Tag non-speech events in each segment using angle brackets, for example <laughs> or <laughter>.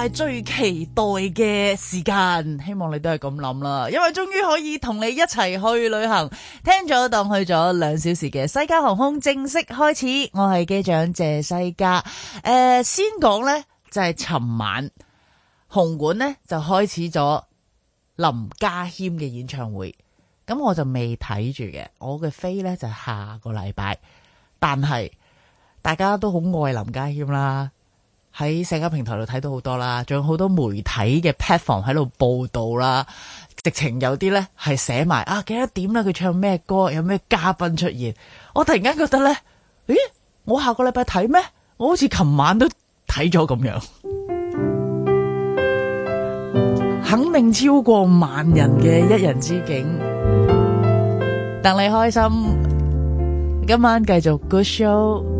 係最期待嘅時間，希望你都係咁諗啦，因為終於可以同你一齊去旅行。聽咗一檔去咗兩小時嘅西加航空正式開始，我係機長謝西加。誒、呃，先講呢，就係、是、尋晚，紅館呢，就開始咗林家謙嘅演唱會。咁我就未睇住嘅，我嘅飛呢，就下個禮拜。但係大家都好愛林家謙啦。喺社交平台度睇到好多啦，仲有好多媒體嘅 pat 房喺度報道啦，直情有啲咧，係寫埋啊幾多點啦，佢唱咩歌，有咩嘉賓出現。我突然間覺得咧，咦，我下個禮拜睇咩？我好似琴晚都睇咗咁樣， <music> 肯定超過萬人嘅一人之景，等你開心。今晚繼續 good show。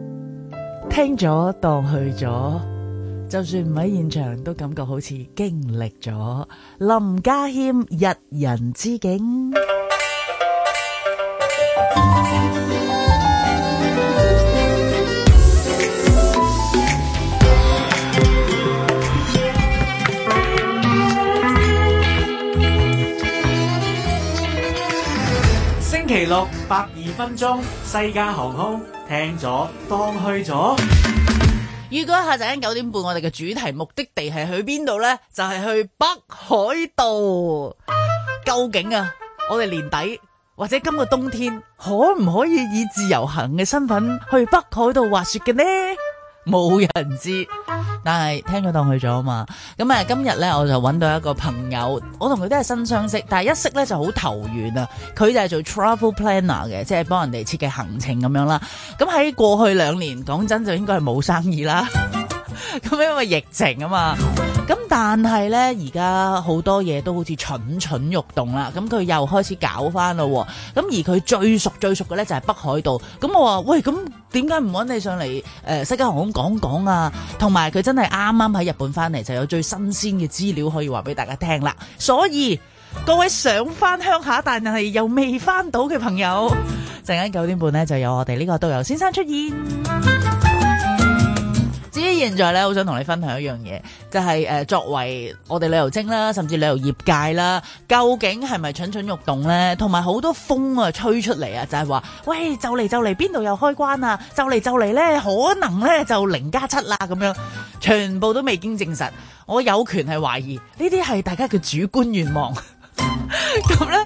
聽咗當去咗，就算唔喺現場，都感覺好似經歷咗林家謙一人之境。六百二分鐘，西加航空聽咗當去咗。預告下集喺九點半，我哋嘅主題目的地係去邊度呢？就係去北海道。究竟啊，我哋年底或者今個冬天可唔可以以自由行嘅身份去北海道滑雪嘅呢？冇人知，但係聽咗當去咗啊嘛。咁今日咧，我就揾到一個朋友，我同佢都係新相識，但係一識咧就好投緣啊。佢就係做 travel planner 嘅，即係幫人哋設計行程咁樣啦。咁喺過去兩年，講真就應該係冇生意啦。咁 <laughs> 因為疫情啊嘛。咁但係呢，而家好多嘢都好似蠢蠢欲動啦。咁佢又開始搞翻咯。咁而佢最熟最熟嘅呢，就係北海道。咁我話喂，咁點解唔揾你上嚟？誒、呃，西加航空講講啊。同埋佢真係啱啱喺日本翻嚟，就有最新鮮嘅資料可以話俾大家聽啦。所以各位想翻鄉下，但係又未翻到嘅朋友，陣間九點半呢，就有我哋呢個導遊先生出現。至於現在咧，好想同你分享一樣嘢，就係誒作為我哋旅遊精啦，甚至旅遊業界啦，究竟係咪蠢蠢欲動呢？同埋好多風啊吹出嚟啊，就係話，喂就嚟就嚟邊度有開關啊，就嚟就嚟呢可能呢就零加七啦咁樣，全部都未經證實，我有權係懷疑，呢啲係大家嘅主觀願望。咁咧，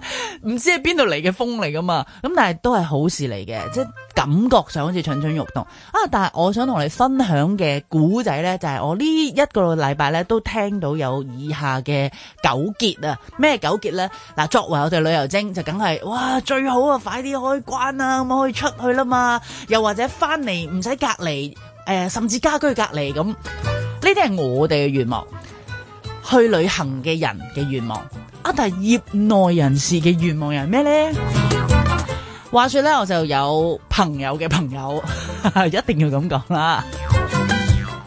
唔 <laughs> 知係邊度嚟嘅風嚟噶嘛？咁但係都係好事嚟嘅，即係感覺上好似蠢蠢欲動啊！但係我想同你分享嘅故仔咧，就係、是、我呢一個禮拜咧都聽到有以下嘅糾結啊！咩糾結咧？嗱，作為我哋旅遊精就梗係哇最好啊，快啲開關啊，咁可以出去啦嘛！又或者返嚟唔使隔離，誒、呃，甚至家居隔離咁，呢啲係我哋嘅願望。去旅行嘅人嘅願望啊，但係業內人士嘅願望又係咩呢？ <music> 話說咧，我就有朋友嘅朋友， <laughs> 一定要咁講啦。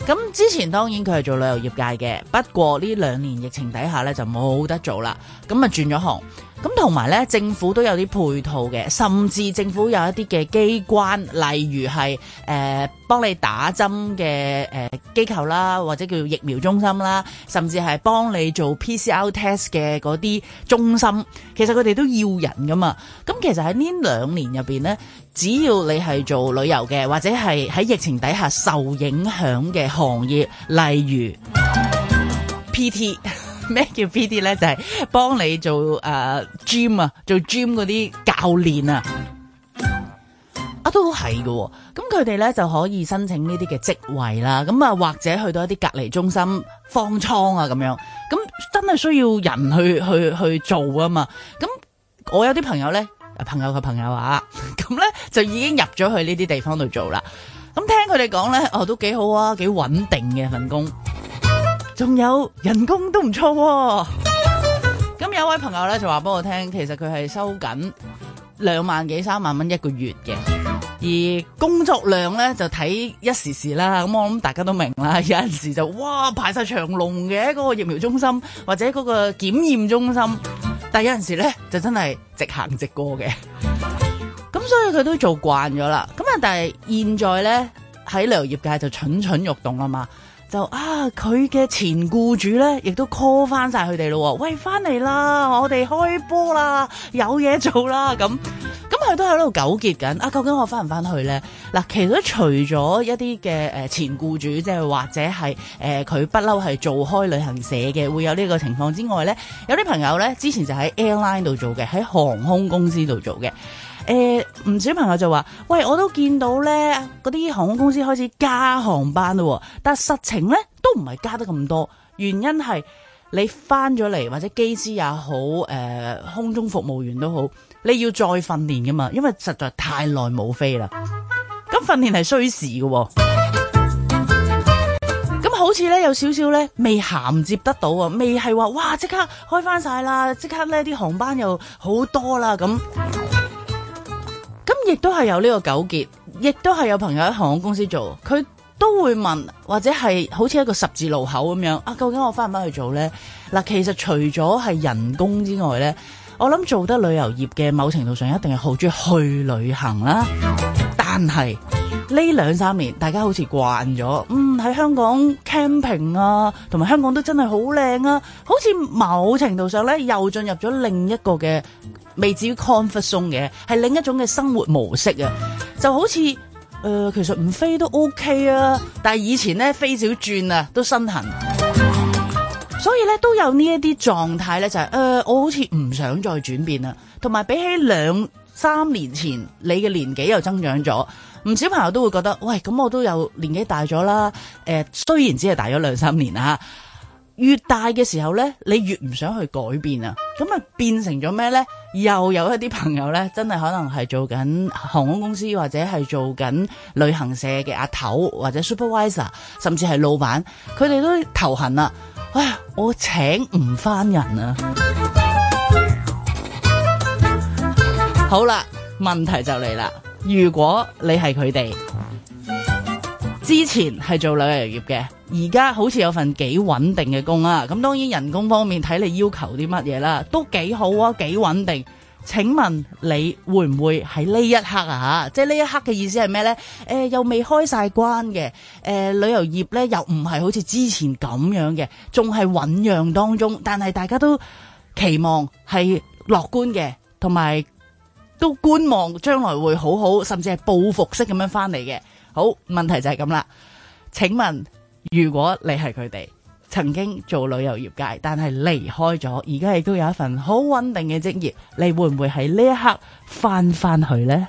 咁 <music> 之前當然佢係做旅遊業界嘅，不過呢兩年疫情底下咧就冇得做啦，咁啊轉咗行。咁同埋咧，政府都有啲配套嘅，甚至政府有一啲嘅機關，例如係誒幫你打針嘅誒機構啦，或者叫疫苗中心啦，甚至係幫你做 PCR test 嘅嗰啲中心，其實佢哋都要人噶嘛。咁其實喺呢兩年入邊咧，只要你係做旅遊嘅，或者係喺疫情底下受影響嘅行業，例如 PT。咩叫 PD 咧？就係、是、幫你做誒、呃、gym 啊，做 gym 嗰啲教練啊，啊都係喎、哦。咁佢哋咧就可以申請呢啲嘅職位啦。咁啊，或者去到一啲隔離中心方艙啊，咁樣。咁真係需要人去去去做啊嘛。咁我有啲朋友咧，朋友嘅朋友啊，咁 <laughs> 咧就已經入咗去呢啲地方度做啦。咁聽佢哋講咧，哦，都幾好啊，幾穩定嘅、啊、份工。仲有人工都唔錯，咁有一位朋友咧就話俾我聽，其實佢係收緊兩萬幾三萬蚊一個月嘅，而工作量咧就睇一時時啦。咁我諗大家都明啦，有陣時就哇排晒長龍嘅嗰個疫苗中心或者嗰個檢驗中心，但係有陣時咧就真係直行直過嘅。咁所以佢都做慣咗啦。咁啊，但係現在咧喺旅遊業界就蠢蠢欲動啦嘛。就啊，佢嘅前雇主咧，亦都 call 翻晒佢哋咯。喂，翻嚟啦，我哋開波啦，有嘢做啦。咁咁，佢都喺度糾結緊啊。究竟我翻唔翻去咧？嗱，其實除咗一啲嘅誒前雇主，即係或者係誒佢不嬲係做開旅行社嘅，會有呢個情況之外咧，有啲朋友咧之前就喺 airline 度做嘅，喺航空公司度做嘅。誒，唔少朋友就話：「喂，我都見到呢嗰啲航空公司開始加航班咯，但實情呢都唔係加得咁多。原因係你翻咗嚟或者機師也好，誒、呃，空中服務員都好，你要再訓練噶嘛，因為實在太耐冇飛啦。咁訓練係需時喎。咁 <music> 好似呢，有少少呢未銜接得到，未係話哇，即刻開翻晒啦，即刻呢啲航班又好多啦咁。咁亦都係有呢個糾結，亦都係有朋友喺航空公司做，佢都會問，或者係好似一個十字路口咁樣啊，究竟我翻唔翻去做呢？嗱，其實除咗係人工之外呢，我諗做得旅遊業嘅，某程度上一定係好中意去旅行啦，但係。呢兩三年，大家好似慣咗，嗯，喺香港 camping 啊，同埋香港都真係好靚啊，好似某程度上呢又進入咗另一個嘅未至於 comfort zone 嘅，係另一種嘅生活模式啊，就好似誒、呃、其實唔飛都 OK 啊，但以前呢飛少轉啊都身痕，所以呢，都有呢一啲狀態呢，就係、是、誒、呃、我好似唔想再轉變啦，同埋比起兩三年前，你嘅年紀又增長咗。唔少朋友都會覺得，喂，咁我都有年紀大咗啦。誒、呃，雖然只係大咗兩三年啊，越大嘅時候呢，你越唔想去改變啊。咁啊，變成咗咩呢？又有一啲朋友呢，真係可能係做緊航空公司或者係做緊旅行社嘅阿頭或者 supervisor，甚至係老闆，佢哋都頭痕啦。唉，我請唔翻人啊！ <music> 好啦，問題就嚟啦。如果你係佢哋之前係做旅遊業嘅，而家好似有份幾穩定嘅工啊！咁當然人工方面睇你要求啲乜嘢啦，都幾好啊，幾穩定。請問你會唔會喺呢一刻啊？即係呢一刻嘅意思係咩呢？呃，又未開晒關嘅，呃，旅遊業呢，又唔係好似之前咁樣嘅，仲係醞釀當中，但係大家都期望係樂觀嘅，同埋，都觀望將來會好好，甚至係報復式咁樣翻嚟嘅。好，問題就係咁啦。請問，如果你係佢哋曾經做旅遊業界，但係離開咗，而家亦都有一份好穩定嘅職業，你會唔會喺呢一刻翻翻去呢？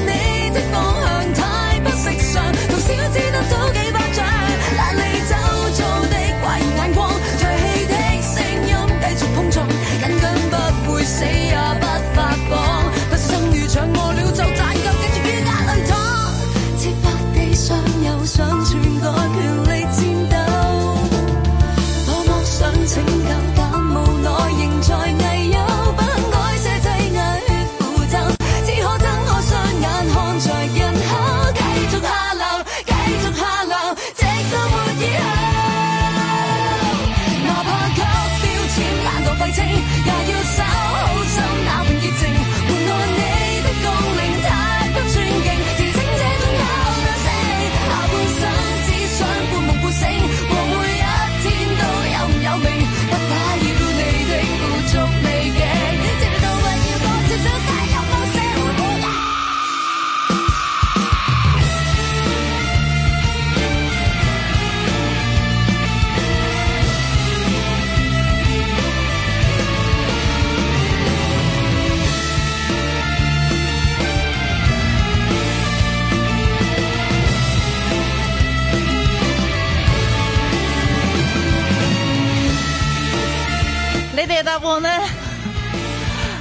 答案、啊、呢，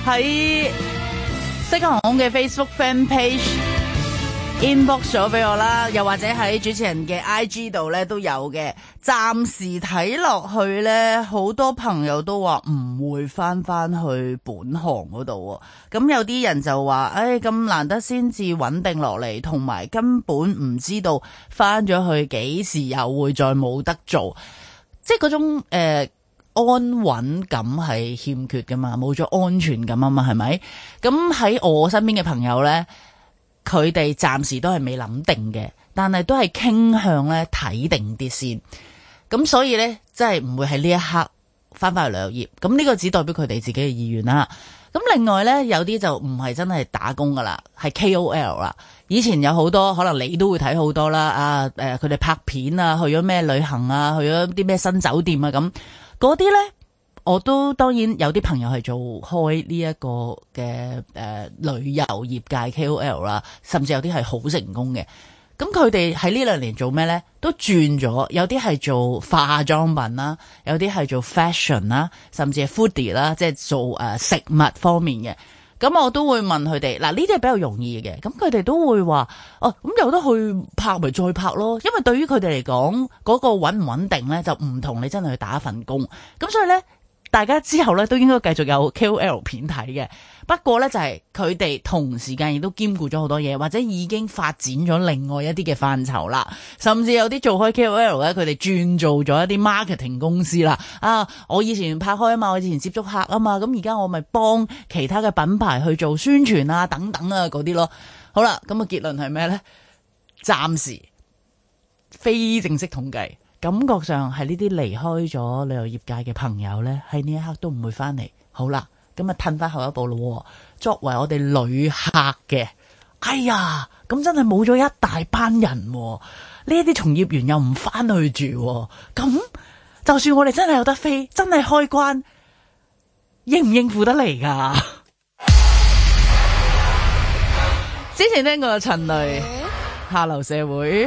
喺西加航空嘅 Facebook fan page inbox 咗俾我啦，又或者喺主持人嘅 IG 度咧都有嘅。暫時睇落去呢，好多朋友都話唔會翻翻去本行嗰度。咁有啲人就話：，誒、哎，咁難得先至穩定落嚟，同埋根本唔知道翻咗去幾時又會再冇得做，即係嗰種誒。呃安穩感係欠缺噶嘛，冇咗安全感啊嘛，係咪？咁喺我身邊嘅朋友呢，佢哋暫時都係未諗定嘅，但係都係傾向咧睇定啲先。咁所以呢，真係唔會喺呢一刻翻翻去旅遊業。咁呢個只代表佢哋自己嘅意願啦。咁另外呢，有啲就唔係真係打工噶啦，係 KOL 啦。以前有好多可能你都會睇好多啦，啊，誒、呃，佢哋拍片啊，去咗咩旅行啊，去咗啲咩新酒店啊咁。嗰啲咧，我都當然有啲朋友係做開呢一個嘅、呃、旅遊業界 KOL 啦，甚至有啲係好成功嘅。咁佢哋喺呢兩年做咩咧？都轉咗，有啲係做化妝品啦，有啲係做 fashion 啦，甚至係 foodie 啦，即係做、呃、食物方面嘅。咁我都會問佢哋，嗱呢啲係比較容易嘅，咁佢哋都會話，哦、啊、咁有得去拍咪再拍咯，因為對於佢哋嚟講，嗰、那個穩唔穩定咧就唔同你真係去打一份工，咁所以咧。大家之後咧都應該繼續有 KOL 片睇嘅，不過呢，就係佢哋同時間亦都兼顧咗好多嘢，或者已經發展咗另外一啲嘅範疇啦。甚至有啲做開 KOL 呢，佢哋轉做咗一啲 marketing 公司啦。啊，我以前拍開啊嘛，我以前接觸客啊嘛，咁而家我咪幫其他嘅品牌去做宣傳啊，等等啊嗰啲咯。好啦，咁個結論係咩呢？暫時非正式統計。感覺上係呢啲離開咗旅遊業界嘅朋友咧，喺呢一刻都唔會翻嚟。好啦，咁啊褪翻後一步咯。作為我哋旅客嘅，哎呀，咁真係冇咗一大班人，啊。呢一啲從業員又唔翻去住，啊，咁就算我哋真係有得飛，真係開關應唔應付得嚟噶？ <music> 之前聽過陳雷《下流 Hello. 社會》。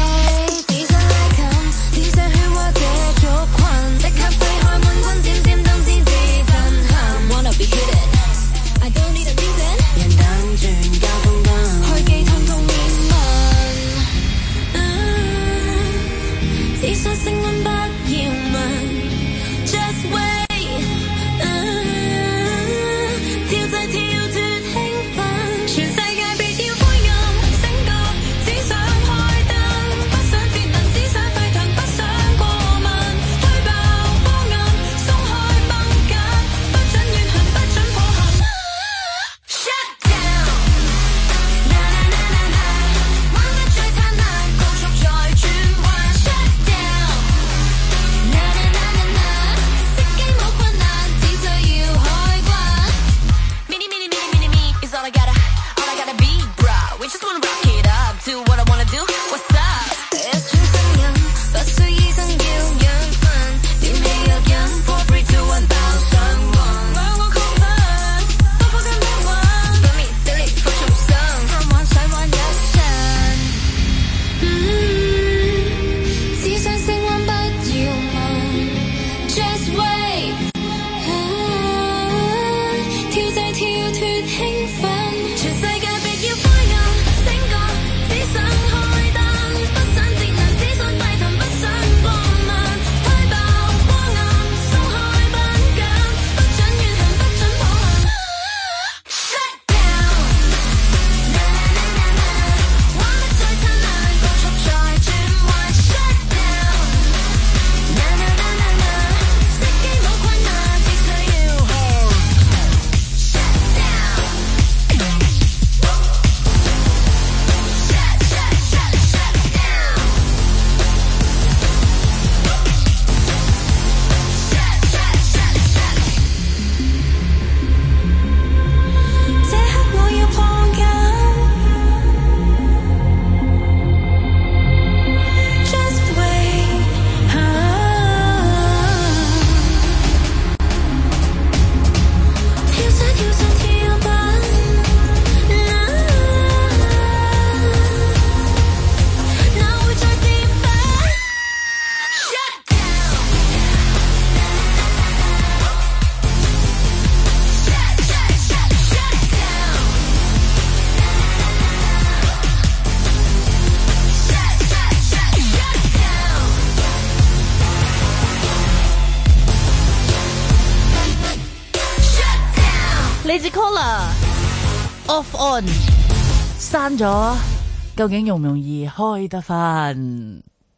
究竟容唔容易開得返？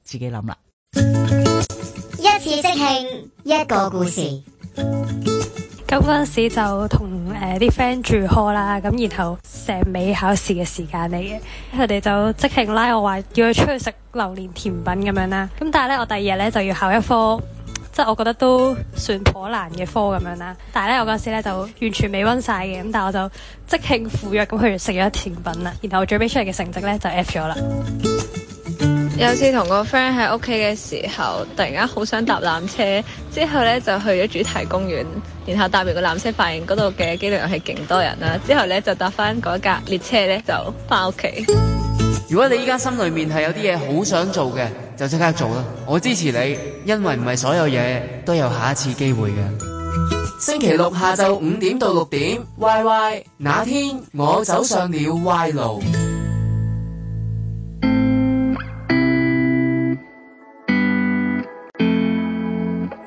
自己諗啦。一次即興一個故事。咁嗰陣時就同誒啲 friend 住開啦，咁然後成尾考試嘅時間嚟嘅，佢哋就即興拉我話叫佢出去食榴蓮甜品咁樣啦。咁但係咧，我第二日咧就要考一科。即係我覺得都算頗難嘅科咁樣啦，但係咧，我嗰時咧就完全未溫晒嘅，咁但係我就即興赴約咁去食咗甜品啦，然後最尾出嚟嘅成績咧就 F 咗啦。有次同個 friend 喺屋企嘅時候，突然間好想搭纜車，之後咧就去咗主題公園，然後搭完個纜車，發現嗰度嘅機動遊戲勁多人啦，之後咧就搭翻嗰架列車咧就翻屋企。如果你依家心裏面係有啲嘢好想做嘅。就即刻做啦！我支持你，因為唔係所有嘢都有下一次機會嘅。星期六下晝五點到六點，Y Y，那天我走上了歪路。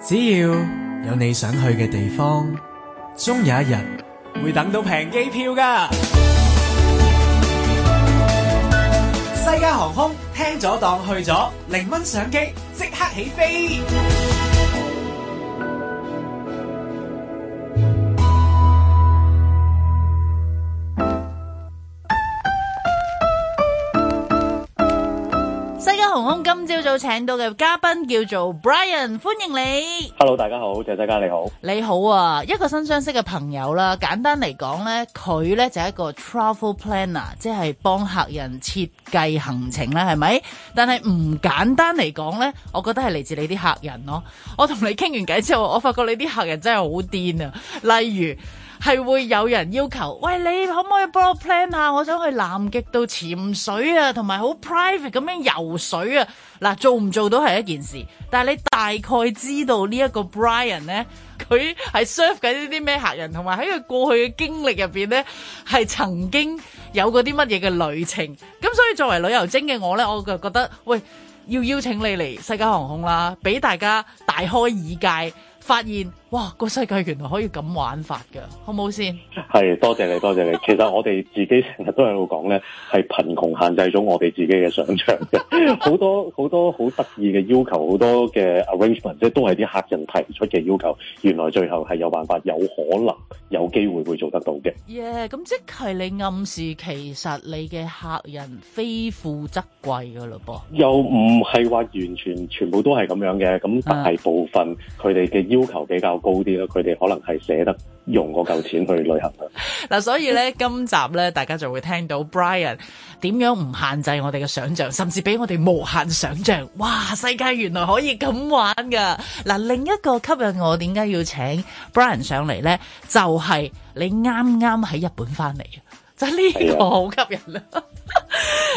只要有你想去嘅地方，終有一日會等到平機票㗎。西加航空，聽咗當去咗，零蚊上機，即刻起飛。今朝早請到嘅嘉賓叫做 Brian，歡迎你。Hello，大家好，謝謝嘉，你好。你好啊，一個新相識嘅朋友啦。簡單嚟講呢，佢呢就係一個 travel planner，即係幫客人設計行程啦，係咪？但係唔簡單嚟講呢，我覺得係嚟自你啲客人咯。我同你傾完偈之後，我發覺你啲客人真係好癲啊，例如。係會有人要求。喂，你可唔可以幫我 plan 啊？我想去南極度潛水啊，同埋好 private 咁樣游水啊。嗱，做唔做到係一件事，但係你大概知道呢一個 Brian 呢，佢係 serve 緊呢啲咩客人，同埋喺佢過去嘅經歷入邊呢，係曾經有過啲乜嘢嘅旅程。咁所以作為旅遊精嘅我呢，我就覺得，喂，要邀請你嚟西加航空啦，俾大家大開耳界，發現。哇！個世界原來可以咁玩法嘅，好唔好先？係多謝你，多謝你。其實我哋自己成日都喺度講咧，係貧窮限制咗我哋自己嘅想象嘅。好多好多好得意嘅要求，好多嘅 arrangement，即係都係啲客人提出嘅要求。原來最後係有辦法，有可能有機會會做得到嘅。耶！咁即係你暗示其實你嘅客人非富則貴噶咯噃？又唔係話完全全部都係咁樣嘅。咁大部分佢哋嘅要求比較。高啲咯，佢哋可能係捨得用嗰嚿錢去旅行。嗱，所以咧，今集咧，大家就會聽到 Brian 點樣唔限制我哋嘅想象，甚至俾我哋無限想象。哇，世界原來可以咁玩噶嗱，另一個吸引我，點解要請 Brian 上嚟咧？就係你啱啱喺日本翻嚟，就係呢個好吸引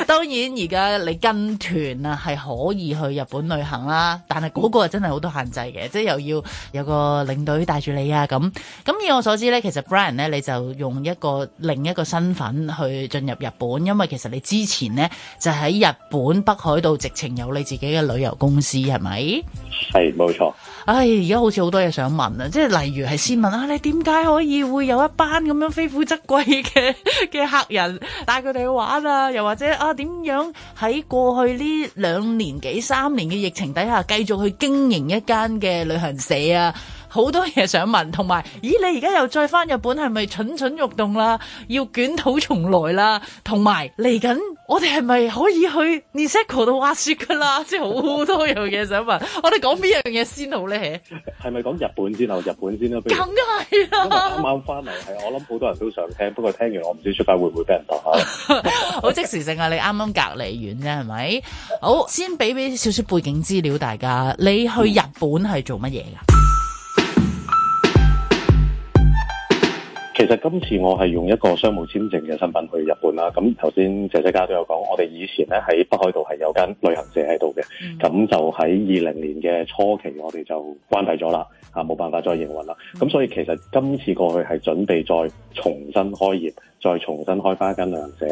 當然而家你跟團啊，係可以去日本旅行啦。但係嗰個係真係好多限制嘅，即係又要有個領隊帶住你啊咁。咁以我所知呢，其實 Brian 呢，你就用一個另一個身份去進入日本，因為其實你之前呢，就喺日本北海道直情有你自己嘅旅遊公司，係咪？係，冇錯。唉，而家，哎，好似好多嘢想問啊，即係例如係先問啊，你點解可以會有一班咁樣非富則貴嘅嘅客人帶佢哋去玩啊？又或者，啊點樣喺過去呢兩年幾三年嘅疫情底下，繼續去經營一間嘅旅行社啊？好多嘢想問，同埋，咦？你而家又再翻日本，係咪蠢蠢欲動啦？要捲土重來啦？同埋，嚟緊我哋係咪可以去 Niseko 度滑雪噶啦？即係好多樣嘢想問，我哋講邊樣嘢先好咧？係咪講日本先啊？日本先啦，梗係啦。啱啱翻嚟，係我諗好多人都想聽，不過聽完我唔知出街會唔會俾人打。好 <laughs> <laughs> 即時性啊！你啱啱隔離完啫，係咪？好，先俾俾少少背景資料，大家你去日本係做乜嘢噶？其實今次我係用一個商務簽證嘅身份去日本啦。咁頭先謝西加都有講，我哋以前咧喺北海道係有間旅行社喺度嘅。咁、嗯、就喺二零年嘅初期，我哋就關閉咗啦。冇、啊、辦法再營運啦。咁、嗯、所以其實今次過去係準備再重新開業，再重新開翻一間旅行社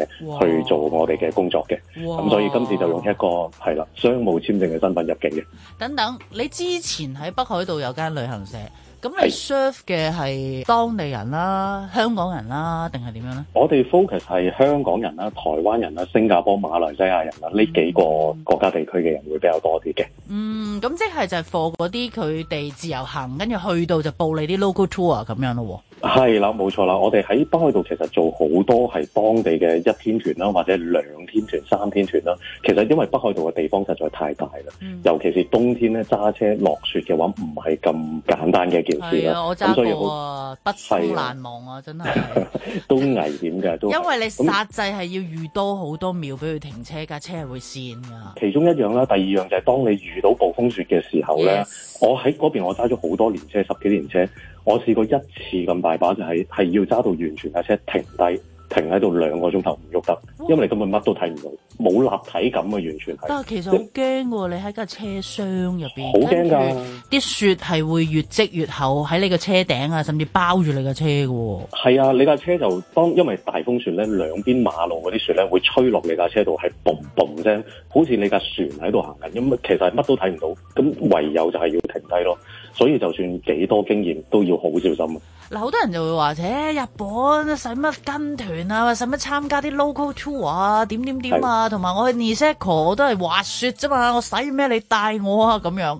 去做我哋嘅工作嘅。咁哇所以今次就用一個係啦哇，商務簽證嘅身份入境嘅。等等，你之前喺北海道有間旅行社？咁你 serve 嘅係當地人啦，是香港人啦，定係點樣咧？我哋 focus 係香港人啦，台灣人啦、新加坡、馬來西亞人啦，呢幾個國家地區嘅人會比較多啲嘅。嗯，咁即係就係 for 嗰啲佢哋自由行，跟住去到就報你啲 local tour 啊咁樣咯。係啦，冇錯啦，我哋喺北海道其實做好多係當地嘅一天團啦，或者兩天團三天團啦。其實因為北海道嘅地方實在太大啦，嗯、尤其是冬天咧，揸車落雪嘅話唔係咁簡單嘅。係啊，我揸過啊，不消難忘啊，真係是、啊、 <laughs> 都危險嘅都。因為你煞制係要預多好多秒俾佢停車，架車係會跣㗎。其中一樣啦，第二樣就係當你遇到暴風雪嘅時候咧，Yes. 我喺嗰邊我揸咗好多年車，十幾年車，我試過一次咁大把就係、是、係要揸到完全架車停低。停喺度兩個鐘頭唔喐得，因為你根本乜都睇唔到，冇立體感啊！完全係。但係其實好驚喎，你喺架車廂入面，好驚㗎！啲雪係會越積越厚喺你個車頂啊，甚至包住你嘅車嘅喎。係啊，你架車就當因為大風船咧，兩邊馬路嗰啲雪咧會吹落你架車度，係嘣嘣聲，好似你架船喺度行緊。因為其實係乜都睇唔到，咁唯有就係要停低咯。所以就算幾多經驗都要好小心。嗱，好多人就會話，誒、欸，日本使乜跟團啊，使乜參加啲 local tour 啊，點點點啊，同埋的我去 Niseko 都係滑雪啫嘛，我使咩你帶我啊咁樣？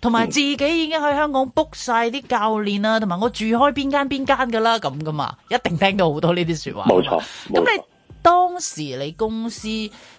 同埋自己已經去香港 book 晒啲教練啊，同埋我住開邊間邊間㗎啦，咁噶嘛，一定聽到好多呢啲說話。冇錯，咁吧錯你。當時你公司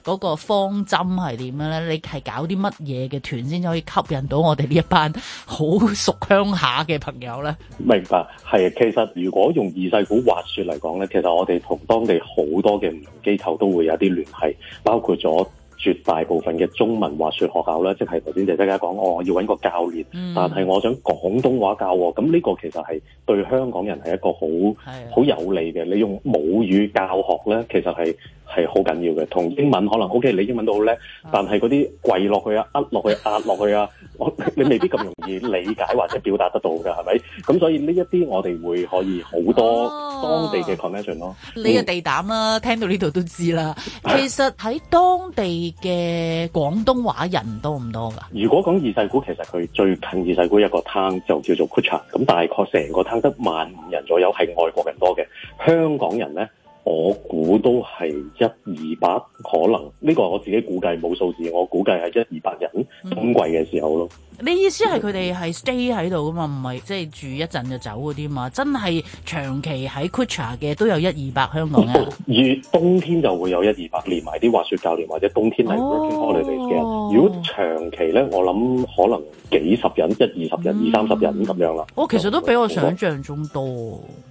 嗰個方針係點樣呢？你係搞啲乜嘢嘅團先可以吸引到我哋呢一班好熟鄉下嘅朋友呢？明白，係其實如果用二世古滑雪嚟講呢，其實我哋同當地好多嘅唔同機構都會有啲聯繫，包括咗。絕大部分嘅中文滑雪學校咧，即係頭先謝大家講，我我要揾個教練，但係我想廣東話教我，咁呢個其實係對香港人係一個好好的有利嘅。你用母語教學咧，其實係。係好緊要嘅，同英文可能 OK，你英文都好叻，但係嗰啲跪落去啊，呃落去，壓落去啊，我、啊啊、 <laughs> 你未必咁容易理解或者表達得到㗎，係咪？咁所以呢一啲我哋會可以好多當地嘅 connection 咯。哦嗯、你嘅地膽啦、啊，聽到呢度都知啦。的其實喺當地嘅廣東話人多唔多噶？如果講二世古，其實佢最近二世古一個 town 就叫做 Kutchan，咁大概成個 town 得萬五人左右，係外國人多嘅，香港人咧。我估都係一二百，可能呢、這個我自己估計冇數字，我估計係一二百人，咁、嗯、季嘅時候咯。你意思係佢哋係 stay 喺度噶嘛？唔係即係住一陣就走嗰啲嘛？真係長期喺 Kutcher 嘅都有一二百香港人，啊，越冬天就會有 1, 200, 一二百，連埋啲滑雪教練或者冬天係 working holiday 嚟嘅。哦、如果長期咧，我諗可能幾十人，一二十人，二三十人咁樣啦。我、哦、其實都比我想象中多。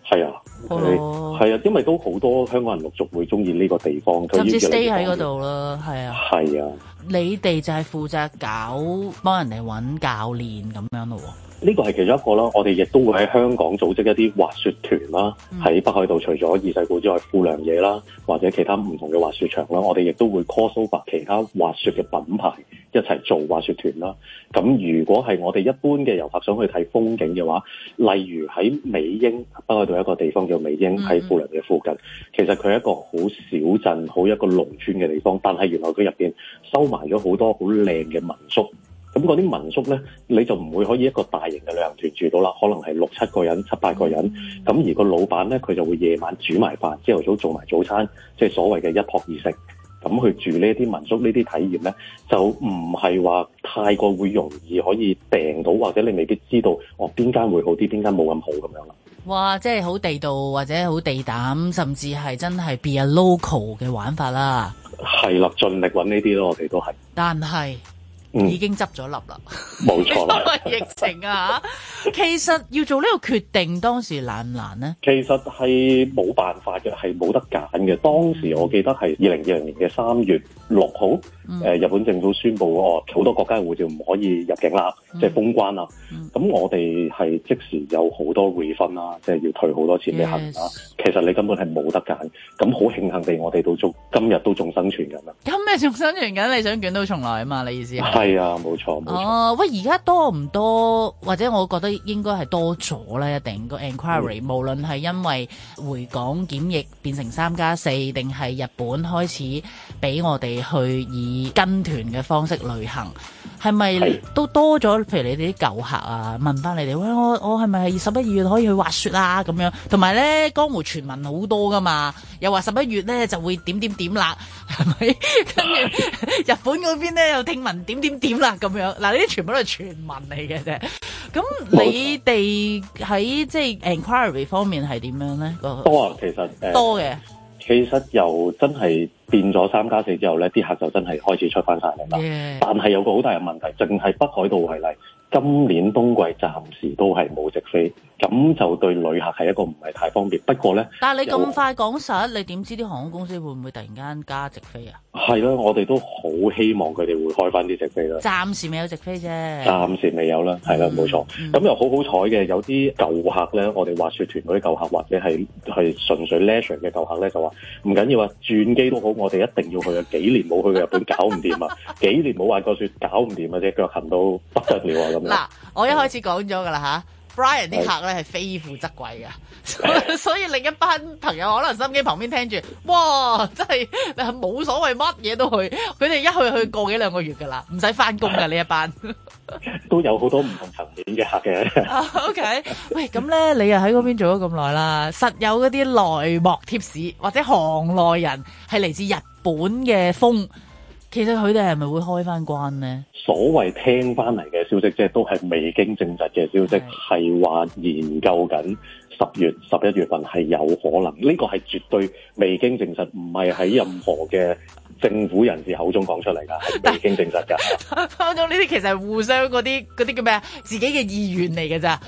係的啊，係、okay、的啊，因為都好多香港人陸續會中意呢個地方，甚至 stay 喺嗰度啦。係啊，係啊。你哋就係負責搞幫人哋揾教練咁樣咯喎、哦？呢個係其中一個啦。我哋亦都會喺香港組織一啲滑雪團啦，喺北海道除咗二世古之外，富良野啦，或者其他唔同嘅滑雪場啦，我哋亦都會 cover 其他滑雪嘅品牌一齊做滑雪團啦。咁如果係我哋一般嘅遊客想去睇風景嘅話，例如喺美瑛北海道一個地方叫美瑛，喺富良野附近，嗯、其實佢係一個好小鎮好一個農村嘅地方，但係原來佢入邊收埋咗好多好靚嘅民宿，咁嗰啲民宿咧，你就唔會可以一個大型嘅旅行團住到啦，可能係六七個人、七八個人，咁而個老闆咧，佢就會夜晚煮埋飯，朝頭早做埋早餐，即係所謂嘅一泊二食，咁去住呢啲民宿呢啲體驗咧，就唔係話太過會容易可以訂到，或者你未必知道哦邊間會好啲，邊間冇咁好咁樣啦。哇！即係好地道，或者好地膽，甚至係真係 be a local 嘅玩法啦。係啦，盡力揾呢啲囉，我哋都係。但係。嗯、已經執咗笠啦，冇錯錯。 <laughs> 疫情啊 <laughs> 其實要做呢個決定，當時難唔難呢？其實係冇辦法嘅，係冇得揀嘅。當時我記得係二零二零年嘅三月六號，誒、嗯呃，日本政府宣布哦，好多國家嘅護照唔可以入境啦，即係、嗯、封關啦。咁、嗯、我哋係即時有好多 refund 啦，即、就、係、是、要退好多錢嘅客人啦。Yes. 其實你根本係冇得揀。咁好慶幸地我都，我哋到今日都仲生存緊啊！今日仲生存緊，你想捲土重來啊嘛？你意思係？係啊，冇錯、哎、哦，喂，而家多唔多？或者我覺得應該係多咗啦，一定個 enquiry。Iry, 嗯、無論係因為回港檢疫變成三加四，定係日本開始俾我哋去以跟團嘅方式旅行，係咪都多咗？是譬如，你哋啲舊客啊，問翻你哋，喂，我我係咪係十一二月可以去滑雪啊？咁樣，同埋咧江湖傳聞好多噶嘛，又話十一月咧就會點點點啦，係咪？跟住、哎、 <laughs> 日本嗰邊咧又聽聞點點。點啦咁樣嗱，呢啲全部都係傳聞嚟嘅啫。咁你哋喺即係 enquiry 方面係點樣咧？多啊，其實、呃、多嘅的。其實又真係變咗三加四之後咧，啲客就真係開始出翻晒嚟啦。Yeah. 但係有個好大嘅問題，淨係北海道為例，今年冬季暫時都係冇直飛。咁就對旅客係一個唔係太方便，不過咧，但你咁快講實，有你點知啲航空公司會唔會突然間加直飛啊？係啦，我哋都好希望佢哋會開翻啲直飛啦。暫時未有直飛啫。暫時未有啦，係啦，冇錯。咁、嗯嗯、又好好彩嘅，有啲舊客咧，我哋滑雪團嗰啲舊客，或者係係純粹 leisure 嘅舊客咧，就話唔緊要啊，轉機都好，我哋一定要去啊！幾年冇去日本， <laughs> 搞唔掂啊！幾年冇滑過雪，搞唔掂啊！隻腳痕到不得了啊！咁樣嗱，我一開始講咗噶啦嚇。Brian 啲客咧係非富則貴㗎， <laughs> 所以另一班朋友可能心機旁邊聽住，哇！真係你係冇所謂乜嘢都去，佢哋一去一去過幾兩個月㗎啦，唔使翻工㗎呢一班，班都有好多唔同層面嘅客嘅。 <laughs> o、oh, K、okay. 喂，咁咧你又喺嗰邊做咗咁耐啦，實有嗰啲內幕貼士或者行內人係嚟自日本嘅風。其實佢哋係咪會開翻關咧？所謂聽翻嚟嘅消息，即係都係未經證實嘅消息，係話是研究緊十月十一月份係有可能。呢、呢個係絕對未經證實，唔係喺任何嘅。 <laughs> 政府人士口中講出嚟噶，已經證實㗎。當中呢啲其實係互相嗰啲嗰啲叫咩啊？自己嘅意願嚟㗎咋，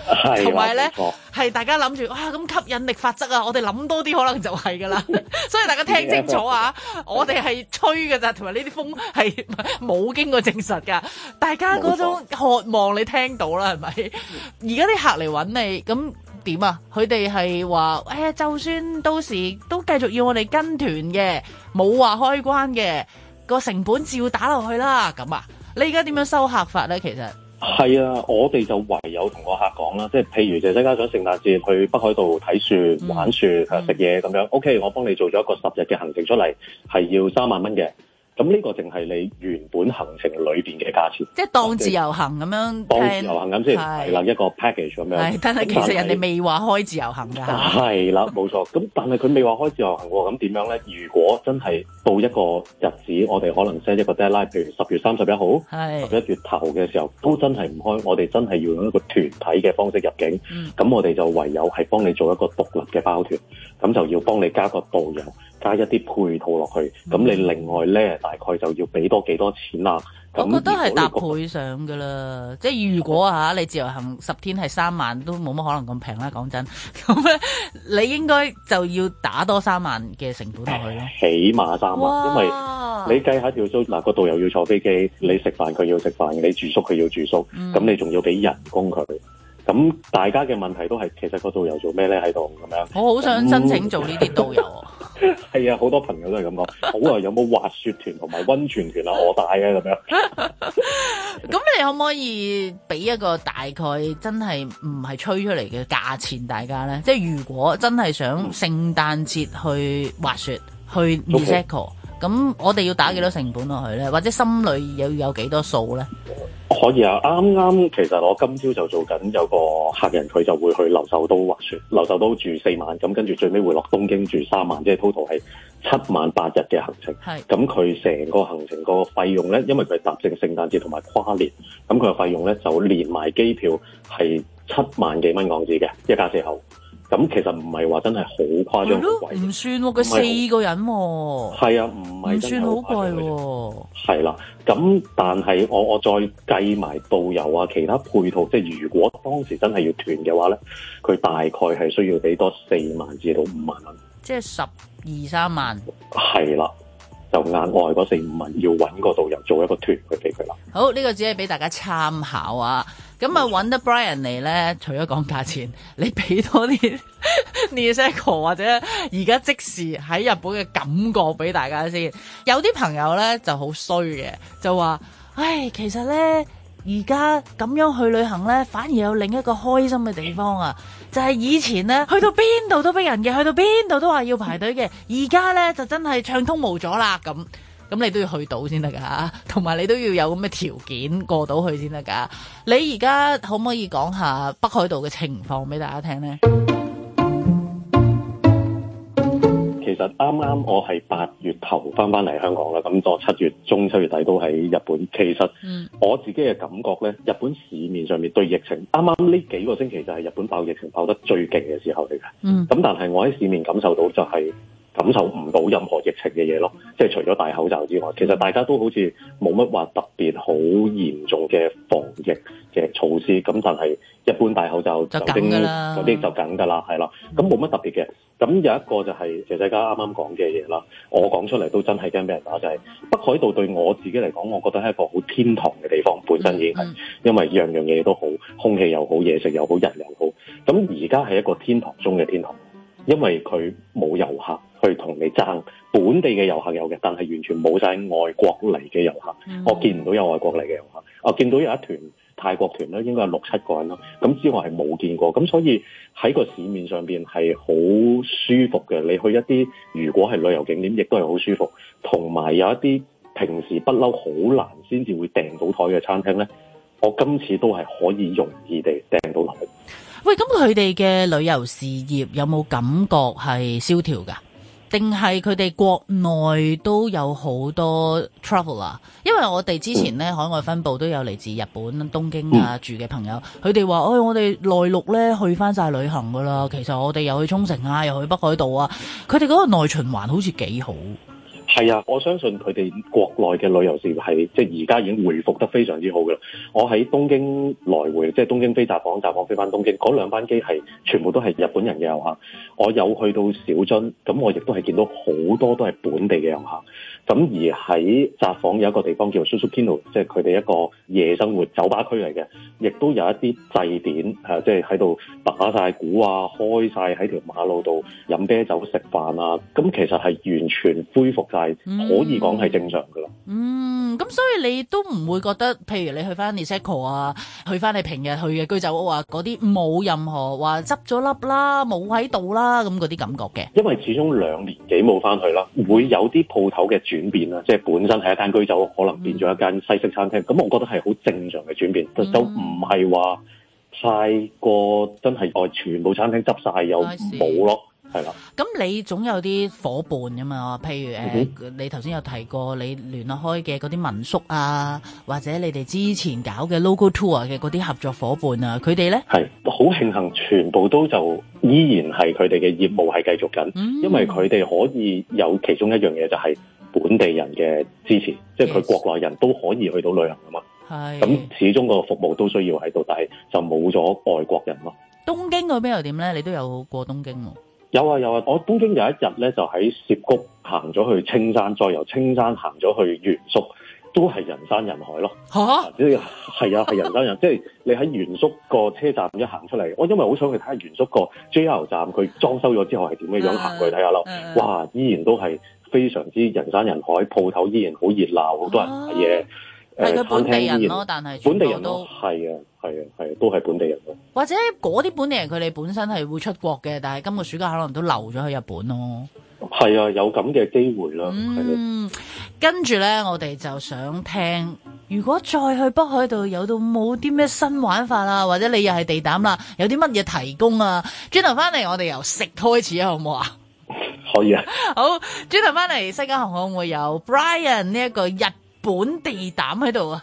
同埋咧係大家諗住啊，咁吸引力法則啊，我哋諗多啲可能就係㗎啦。 <laughs> 所以大家聽清楚啊， <laughs> 我哋係吹㗎咋，同埋呢啲風係冇經過證實㗎。大家嗰種渴望你聽到啦，係咪？而家啲客嚟揾你咁。點啊？佢哋係話誒，就算到時都繼續要我哋跟團嘅，冇話開關嘅，個成本照打落去啦。咁啊，你而家點樣收客法咧？其實係啊，我哋就唯有同個客講啦，即係譬如就增加咗聖誕節去北海道睇雪、玩雪、食嘢咁樣。嗯，OK，我幫你做咗一個十日嘅行程出嚟，係要三萬蚊嘅。咁呢個淨係你原本行程裏面嘅價錢，即係當自由行咁樣。當自由行咁先係啦，一個 package 咁樣。的但係是其實人哋未話開自由行㗎。係啦的，冇錯。 <laughs> 咁但係佢未話開自由行喎。咁點樣咧？如果真係到一個日子，我哋可能 set 一個 deadline，譬如十月三十一號，十一的月頭嘅時候都真係唔開，我哋真係要用一個團體嘅方式入境。咁、嗯、我哋就唯有係幫你做一個獨立嘅包團，咁就要幫你加個導遊。加一啲配套落去，咁你另外咧大概就要俾多幾多錢啦？咁我覺得係搭配上噶啦，即係如果嚇、嗯啊、你自由行十天係三萬都冇乜可能咁平啦，講真。咁咧你應該就要打多三萬嘅成本落去咯，起碼三萬，哇因為你計下條數，嗱、嗰個導遊要坐飛機，你食飯佢要食飯，你住宿佢要住宿，咁、嗯、你仲要俾人工佢。咁大家嘅問題都係，其實個導遊做咩咧喺度咁樣？我好想申請做呢啲導遊。係啊，好那、 <laughs> 啊、多朋友都係咁講。 <laughs> 好啊，有冇滑雪團同埋溫泉團啊？我帶啊！」咁樣，咁你可唔可以俾一個大概真係唔係吹出嚟嘅價錢大家咧？即係如果真係想聖誕節去滑雪去 Niseko 咁我哋要打幾多成本落去咧？或者心裏有有幾多數咧？可以啊，啱啱其實我今朝就做緊有個客人，佢就會去留壽都滑雪，留壽都住四晚，咁跟住最尾會落東京住三晚，即係 total 係七晚八日嘅行程。係咁是，佢成、嗯、個行程個費用咧，因為佢係搭正聖誕節同埋跨年，咁佢嘅費用咧就連埋機票係七萬幾蚊港紙嘅，一家四口。咁其實唔係話真係好誇張，都唔算喎，佢四個人，係啊，唔係算好貴喎，係啦。咁但係我我再計埋導遊啊，其他配套，即係如果當時真係要團嘅話咧，佢大概係需要俾多四萬至到五萬蚊，即係十二三萬。係啦，就額外嗰四五萬要搵個導遊做一個團去俾佢啦。好，呢個只係俾大家參考啊。咁啊，揾得 Brian 嚟咧，除咗講價錢，你俾多啲 <laughs> Niseko 或者而家即時喺日本嘅感覺俾大家先。有啲朋友咧就好衰嘅，就話，唉，其實咧，而家咁樣去旅行咧，反而有另一個開心嘅地方啊！就係、是、以前咧，去到邊度都逼人嘅，去到邊度都話要排隊嘅，而家咧就真係暢通無阻啦咁。咁你都要去到先得噶，同埋你都要有咁嘅條件過到去先得噶。你而家可唔可以講下北海道嘅情況俾大家聽呢？其實啱啱我係八月頭翻返嚟香港啦，咁再七月中、七月底都喺日本。其實我自己嘅感覺呢，日本市面上面對疫情，啱啱呢幾個星期就係日本爆疫情爆得最勁嘅時候嚟嘅。嗯，咁但係我喺市面感受到就係、是。感受唔到任何疫情嘅嘢咯，即係除咗戴口罩之外，其實大家都好似冇乜話特別好嚴重嘅防疫嘅措施。咁但係一般戴口罩，嗰啲就梗㗎啦，係啦。咁冇乜特別嘅。咁有一個就係、是、謝世嘉啱啱講嘅嘢啦。我講出嚟都真係驚俾人打就是、北海道對我自己嚟講我覺得係一個好天堂嘅地方。本身已經係因為樣樣嘢都好，空氣又好，嘢食又好，人又好。咁而家係一個天堂中嘅天堂，因為佢冇遊客。去同你爭本地嘅遊客有嘅，但係完全冇晒外國嚟嘅遊客，嗯、我見唔到有外國嚟嘅遊客。我見到有一團泰國團咧，應該係六七個人咯。咁之外係冇見過，咁所以喺個市面上邊係好舒服嘅。你去一啲如果係旅遊景點，亦都係好舒服。同埋有一啲平時不嬲好難先至會訂到台嘅餐廳呢，我今次都係可以容易地訂到落去。喂，咁佢哋嘅旅遊事業有冇感覺係蕭條㗎？定係佢哋國內都有好多 traveler，因為我哋之前咧海外分部都有嚟自日本東京啊住嘅朋友，佢哋話哎，我哋內陸咧去翻晒旅行㗎啦，其實我哋又去沖繩啊，又去北海道啊，佢哋嗰個內循環好似幾好。係啊，我相信佢哋國內嘅旅遊事業係即係而家已經回復得非常之好㗎。我喺東京來回，即係東京飛札幌，札幌飛翻東京，嗰兩班機係全部都係日本人嘅遊客。我有去到小樽，咁我亦都係見到好多都係本地嘅遊客。咁而喺札幌有一個地方叫 Susukino 即係佢哋一個夜生活酒吧區嚟嘅，亦都有一啲祭典，即係喺度打晒鼓啊，開晒喺條馬路度飲啤酒食飯啊，咁其實係完全恢復晒，可以講係正常噶啦、嗯。嗯，咁所以你都唔會覺得，譬如你去翻 Niseko 啊，去翻你平日去嘅居酒屋啊，嗰啲冇任何話執咗笠啦，冇喺度啦，咁嗰啲感覺嘅。因為始終兩年幾冇翻去啦，會有啲鋪頭嘅住。轉變啦，即係本身係一間居酒，可能變咗一間西式餐廳。咁、嗯、我覺得係好正常嘅轉變，嗯、就唔係話太過真係，誒，全部餐廳執晒又冇咯，係啦。咁你總有啲伙伴噶嘛？譬如誒，嗯、哼你頭先有提過你聯絡開嘅嗰啲民宿啊，或者你哋之前搞嘅 local tour 嘅嗰啲合作伙伴啊，佢哋咧係好慶幸，全部都就依然係佢哋嘅業務係繼續緊，嗯、因為佢哋可以有其中一樣嘢就係、是。本地人嘅支持，即係佢國內人都可以去到旅行啊嘛。咁是，始終個服務都需要喺度，但係就冇咗外國人咯。東京嗰邊又點咧？你都有過東京喎？有啊有啊！我東京有一日咧，就喺澀谷行咗去青山，再由青山行咗去元宿，都係人山人海咯。嚇！即係啊，係、啊啊、人山人海， <laughs> 即係你喺元宿個車站一行出嚟，我因為好想去睇下元宿個 JR 站，佢裝修咗之後係點嘅樣行去睇下咯。哇的，依然都係。非常之人山人海，鋪頭依然好熱鬧，好多人買嘢。佢、啊呃、餐廳依然，但係本地人咯，係啊，係啊，係，都係本地人咯。或者嗰啲本地人佢哋本身係會出國嘅，但係今個暑假可能都留咗去日本咯。係啊，有咁嘅機會啦。嗯，係啊。跟住呢，我哋就想聽，如果再去北海道有到冇啲咩新玩法啊？或者你又係地膽啦，有啲乜嘢提供啊？轉頭翻嚟，我哋由食開始啊，好唔好啊？可以啊，好，轉頭翻嚟西加航空會有 Brian 呢一個日本地膽喺度啊。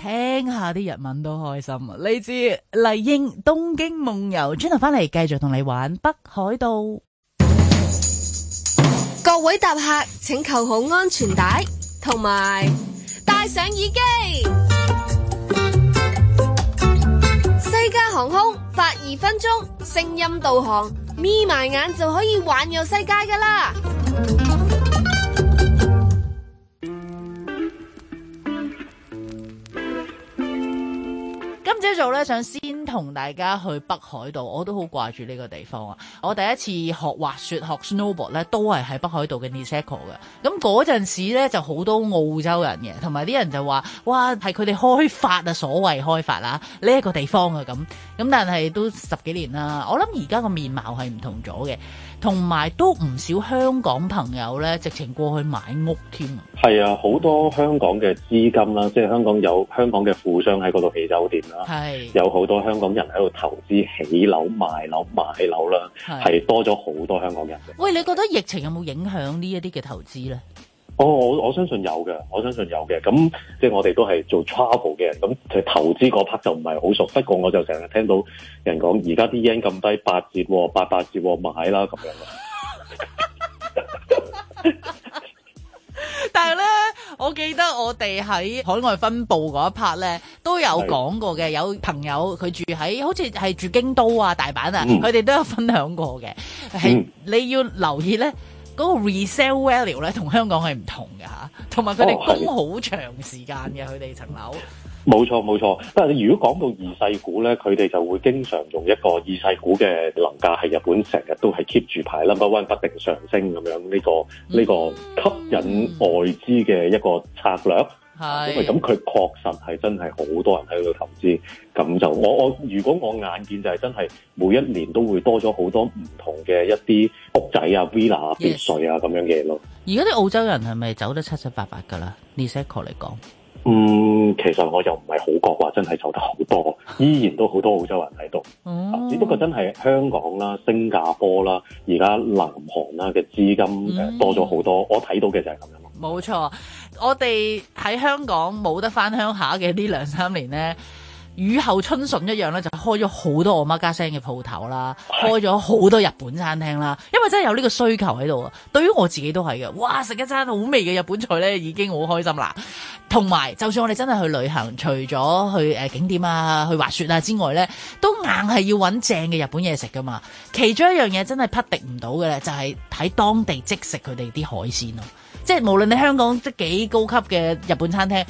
聽下啲日文都開心啊！嚟自、麗英、東京夢遊，轉頭翻嚟繼續同你玩北海道。各位搭客，請扣好安全帶，同埋戴上耳機。西加航空發二分鐘聲音導航，眯埋眼就可以環遊世界噶啦！今朝早咧，想先同大家去北海道，我都好掛住呢個地方啊！我第一次學滑雪學 snowboard 咧，都係喺北海道嘅 Niseko 嘅。咁嗰陣時咧就好多澳洲人嘅，同埋啲人就話：哇，係佢哋開發啊，所謂開發啦、啊，呢、這、一個地方啊，咁咁，但係都十幾年啦。我諗而家個面貌係唔同咗嘅。同埋都唔少香港朋友呢，直情過去買屋添啊！係啊，好多香港嘅資金啦，即係香港有香港嘅富商喺嗰度起酒店啦，係是有好多香港人喺度投資起樓賣樓買樓啦，係多咗好多香港人嘅。喂，你覺得疫情有冇影響呢一啲嘅投資咧？哦，我我相信有嘅，我相信有嘅。咁即係我哋都係做 travel 嘅人，咁就投資嗰 part 就唔係好熟。不過我就成日聽到人講，而家啲 yen 咁低，八折、哦、八八折、哦，買啦咁樣。 <laughs> <laughs> 但係咧，我記得我哋喺海外分佈嗰一 part 咧，都有講過嘅。是有朋友佢住喺，好似係住京都啊、大阪啊，佢哋、嗯、都有分享過嘅。係、嗯、你要留意咧。嗰個 resale value 咧，同香港係唔同㗎吓，同埋佢哋供好長時間嘅佢哋層樓。冇錯冇錯，但係你如果講到二世古咧，佢哋就會經常用一個二世古嘅樓價係日本成日都係 keep 住排 number one，不定上升咁樣呢、這個呢、這個吸引外資嘅一個策略。嗯嗯係，是因為咁佢確實係真係好多人喺度投資，咁就我我如果我眼見就係真係每一年都會多咗好多唔同嘅一啲屋仔啊、villa 啊、別墅啊咁樣嘅嘢咯。而家啲澳洲人係咪走得七七八八噶啦？research 嚟講，嗯，其實我又唔係好覺話真係走得好多，依然都好多澳洲人喺度。 <laughs> 只不過真係香港啦、新加坡啦、而家南韓啦嘅資金多咗好多，嗯、我睇到嘅就係咁樣咯。冇錯。我哋喺香港冇得返鄉下嘅呢兩三年呢，雨後春筍一樣呢就開咗好多我媽家聲嘅鋪頭啦，開咗好多日本餐廳啦。因為真係有呢個需求喺度啊。對於我自己都係嘅，哇！食一餐好味嘅日本菜呢已經好開心啦。同埋，就算我哋真係去旅行，除咗去、呃、景點啊、去滑雪啊之外呢，都硬係要揾正嘅日本嘢食㗎嘛。其中一樣嘢真係匹敵唔到嘅咧，就係喺當地即食佢哋啲海鮮咯。即係無論你香港即幾高級嘅日本餐廳，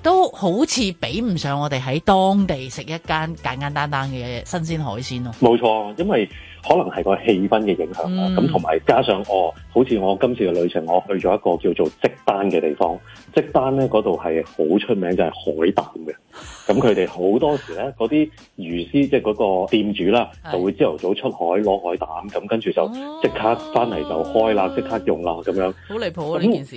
都好似比唔上我哋喺當地食一間簡簡單單嘅新鮮海鮮咯。冇錯，因為可能係個氣氛嘅影響啦，咁同埋加上哦，好似我今次嘅旅程，我去咗一個叫做即單嘅地方。即單咧嗰度係好出名，就係、是、海膽嘅。咁佢哋好多時咧，嗰啲魚師即係嗰個店主啦，是就會朝頭早出海攞海膽，咁跟住就即刻翻嚟就開啦，即、啊、刻用啦咁樣。好離譜啊！呢件事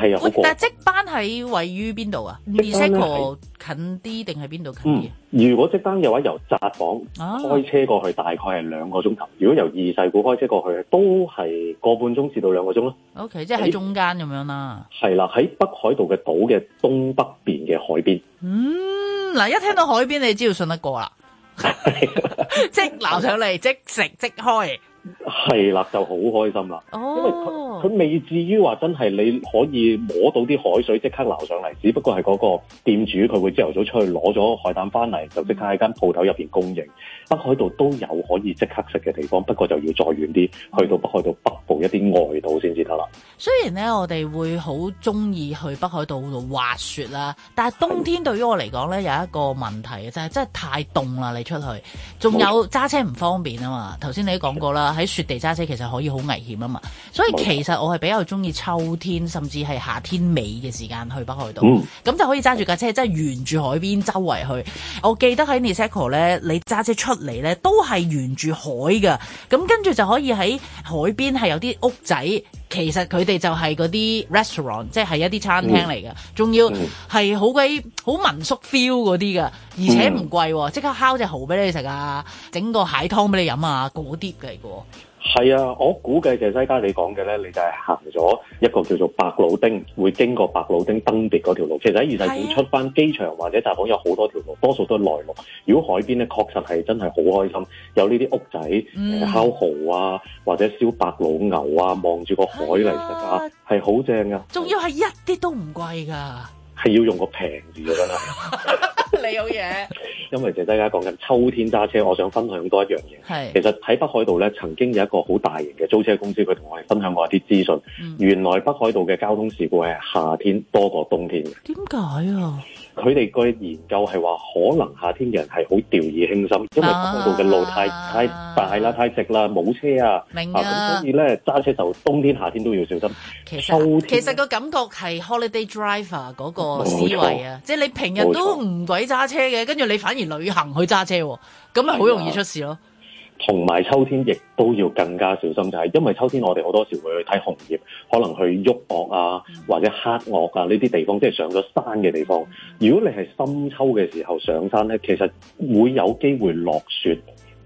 係啊，好過。但係即單喺位於邊度啊？即單咧，二世古近啲定係邊度近啲？如果即單嘅話，由札幌開車過去大概係兩個鐘頭。啊、如果由二世古開車過去都係個半鐘至到兩個鐘咯。OK，即係喺中間咁樣、啊、啦。係啦，喺北海海度嘅島嘅東北邊嘅海邊，嗯，嗱，一聽到海邊你知道信得過啦， <laughs> <laughs> 即撈上嚟，即食即開。係啦，就好開心啦，因為佢未至於話真係你可以摸到啲海水即刻流上嚟，只不過係嗰個店主佢會朝頭早出去攞咗海膽翻嚟，就即刻喺間鋪頭入邊供應。北海道都有可以即刻食嘅地方，不過就要再遠啲，去到北海道北部一啲外島先至得啦。雖然呢，我哋會好中意去北海道度滑雪啦，但係冬天對於我嚟講呢，有一個問題，就係的真係太凍啦，你出去，仲有揸的車唔方便啊嘛。頭先你都講過啦。喺雪地揸車其實可以好危險啊嘛，所以其實我係比較中意秋天，甚至係夏天尾嘅時間去北海道，咁、嗯、就可以揸住架車即係沿住海邊周圍去。我記得喺 Niseko 咧，你揸車出嚟咧都係沿住海噶，咁跟住就可以喺海邊係有啲屋仔。其實佢哋就係嗰啲 restaurant，即係一啲餐廳嚟嘅，仲要係好鬼好民宿 feel 嗰啲㗎，而且唔貴喎，即刻烤隻蠔俾你食啊，整個蟹湯俾你飲啊，嗰啲嚟嘅。係啊，我估計就係西街你講嘅咧，你就係行咗一個叫做白老丁，會經過白老丁登別嗰條路。其實喺二世古出翻機場或者大港有好多條路，多數都係內陸。如果海邊咧，確實係真係好開心，有呢啲屋仔，嗯、烤蠔啊，或者燒白老牛啊，望住個海嚟食，哎、呀啊，係好正噶。仲要係一啲都唔貴噶，係要用個平字嘅真係。 <laughs> <laughs> 你有嘢東，因為其實大家講緊秋天揸車，我想分享多一樣嘢。係是其實喺北海道咧，曾經有一個好大型嘅租車公司，佢同我哋分享過一啲資訊。嗯、原來北海道嘅交通事故係夏天多過冬天嘅。點解啊？佢哋個研究係話，可能夏天嘅人係好掉以輕心，因為嗰度嘅路太、啊、太大啦、太直啦、冇車啊。明白、啊。所以咧，揸車就冬天、夏天都要小心。其實其實個感覺係 holiday driver 嗰個思維啊，冇錯即係你平日都唔鬼揸車嘅，跟住冇錯你反而旅行去揸車，咁咪好容易出事咯。同埋秋天亦都要更加小心，就係因為秋天我哋好多時會去睇紅葉，可能去旭嶽啊或者黑嶽啊呢啲地方，即係上咗山嘅地方。如果你係深秋嘅時候上山咧，其實會有機會落雪。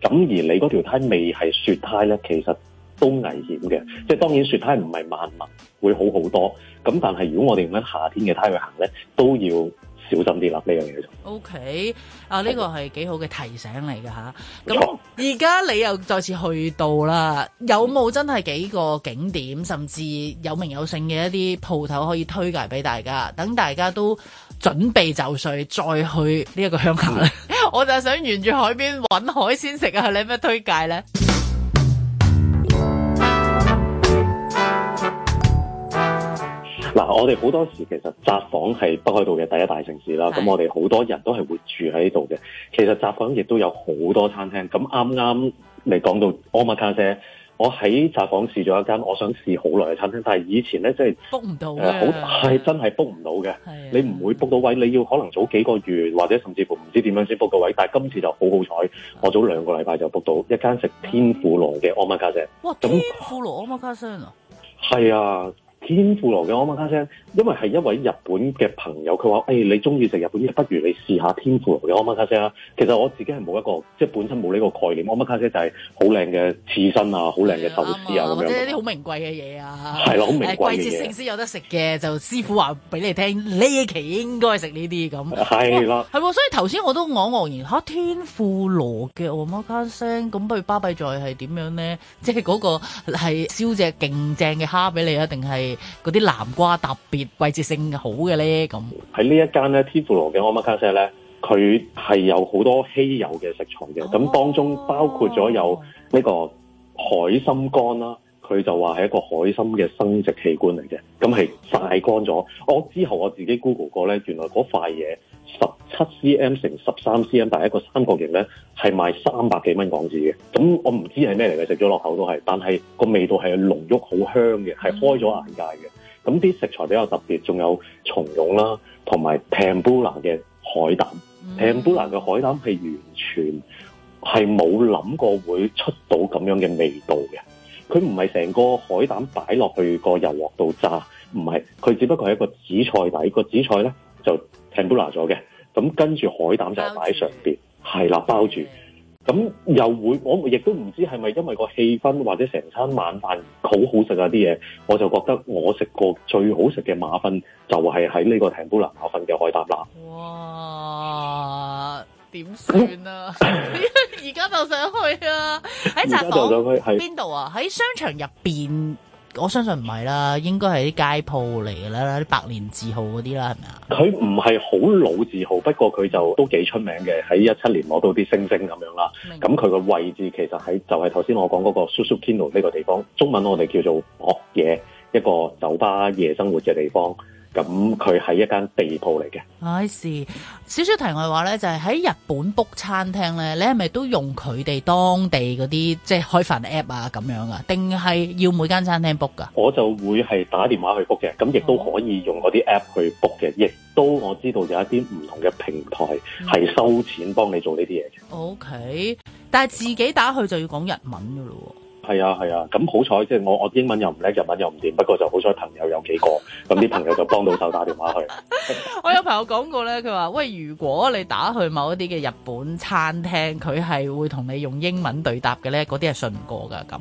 咁而你嗰條胎未係雪胎咧，其實都危險嘅。即係當然雪胎唔係萬物，會好好多。咁但係如果我哋用緊夏天嘅胎去行咧，都要。小心啲啦，呢樣嘢就。O、okay, K，啊呢、呢個係幾好嘅提醒嚟㗎吓。咁而家你又再次去到啦，有冇真係幾個景點，嗯、甚至有名有姓嘅一啲鋪頭可以推介俾大家？等大家都準備就緒，再去呢一個鄉下咧。嗯、 <laughs> 我就想沿住海邊搵海鮮食啊！你有咩推介咧？啊、我哋好多時其實札幌係北海道嘅第一大城市啦，咁我哋好多人都係會住喺呢度嘅。其實札幌亦都有好多餐廳，咁啱啱你講到 Omakase，我喺札幌試咗一間，我想試好耐嘅餐廳，但係以前咧即係 book 唔到的、啊呃，好係真係 book 唔到嘅，是啊、你唔會 book 到位，你要可能早幾個月或者甚至乎唔知點樣先 book 到位，但係今次就好好彩，是啊、我早兩個禮拜就 book 到一間食天婦羅嘅 Omakase。哇！天婦羅 Omakase 啊，係啊！天婦羅嘅奧馬卡些，因為係一位日本嘅朋友，佢話：誒、哎，你中意食日本嘢，不如你試一下天婦羅嘅奧馬卡些啦。其實我自己係冇一個，即係本身冇呢個概念。奧馬卡些就係好靚嘅刺身啊，好靚嘅壽司啊。或者啲好名貴嘅嘢啊。係咯， <laughs> 好名貴嘅嘢。季節性先有得食嘅，就師傅話俾你聽，呢期應該食呢啲咁。係咯，係喎，所以頭先我都昂昂然嚇天婦羅嘅奧馬卡些，咁不如巴閉在係點樣咧？即係嗰個係燒隻勁正嘅蝦俾你啊，定係？嗰啲南瓜特別季節性好嘅咧，咁喺呢一間咧，天婦羅嘅安瑪卡西咧，佢係有好多稀有嘅食材嘅，咁、哦、當中包括咗有呢個海參乾啦，佢就話係一個海參嘅生殖器官嚟嘅，咁係曬乾咗。我之後我自己 Google 過咧，原來嗰塊嘢。十七 cm 乘十三 cm，但係一個三角形咧，係賣三百幾蚊港紙嘅。咁、嗯、我唔知係咩嚟嘅，食咗落口都係，但係個味道係濃郁好香嘅，係開咗眼界嘅。咁啲食材比較特別，仲有松茸啦，同埋 Pambula 嘅海膽。Mm hmm. Pambula 嘅海膽係完全係冇諗過會出到咁樣嘅味道嘅。佢唔係成個海膽擺落去個油鑊度炸，唔係，佢只不過係一個紫菜底。個紫菜咧。就停煲拿咗嘅，咁跟住海膽就擺上邊，係啦打包住，咁又會我亦都唔知係咪因為個氣氛或者成餐晚飯好好食啊啲嘢，我就覺得我食過最好食嘅馬糞就係喺呢個停煲拿馬糞嘅海膽啦。哇！點算啊？而家 <laughs> <laughs> 就想去啊！喺茶檔邊度啊？喺商場入邊。我相信唔係啦，應該係啲街鋪嚟嘅啦，啲百年字號嗰啲啦，係咪啊？佢唔係好老字號，不過佢就都幾出名嘅，喺一七年攞到啲星星咁樣啦。咁佢個位置其實喺就係頭先我講嗰個 Susukino 呢個地方，中文我哋叫做薄野，一個酒吧夜生活嘅地方。咁佢係一間地鋪嚟嘅。I see、啊。少少題外話呢，就係、是、喺日本 book 餐廳呢，你係咪都用佢哋當地嗰啲即係開飯 app 啊咁樣啊？定係要每間餐廳 book 噶？我就會係打電話去 book 嘅，咁亦都可以用嗰啲 app 去 book 嘅，亦、哦、都我知道有一啲唔同嘅平台係收錢幫你做呢啲嘢。嘅、嗯。OK，但係自己打去就要講日文㗎咯。係啊係啊，咁、啊、好彩即係我我英文又唔叻，日文又唔掂，不過就好彩朋友有幾個，咁啲 <laughs> 朋友就幫到手打電話去。 <laughs> 我有朋友講過咧，佢話：喂，如果你打去某一啲嘅日本餐廳，佢係會同你用英文對答嘅咧，嗰啲係信唔過㗎。咁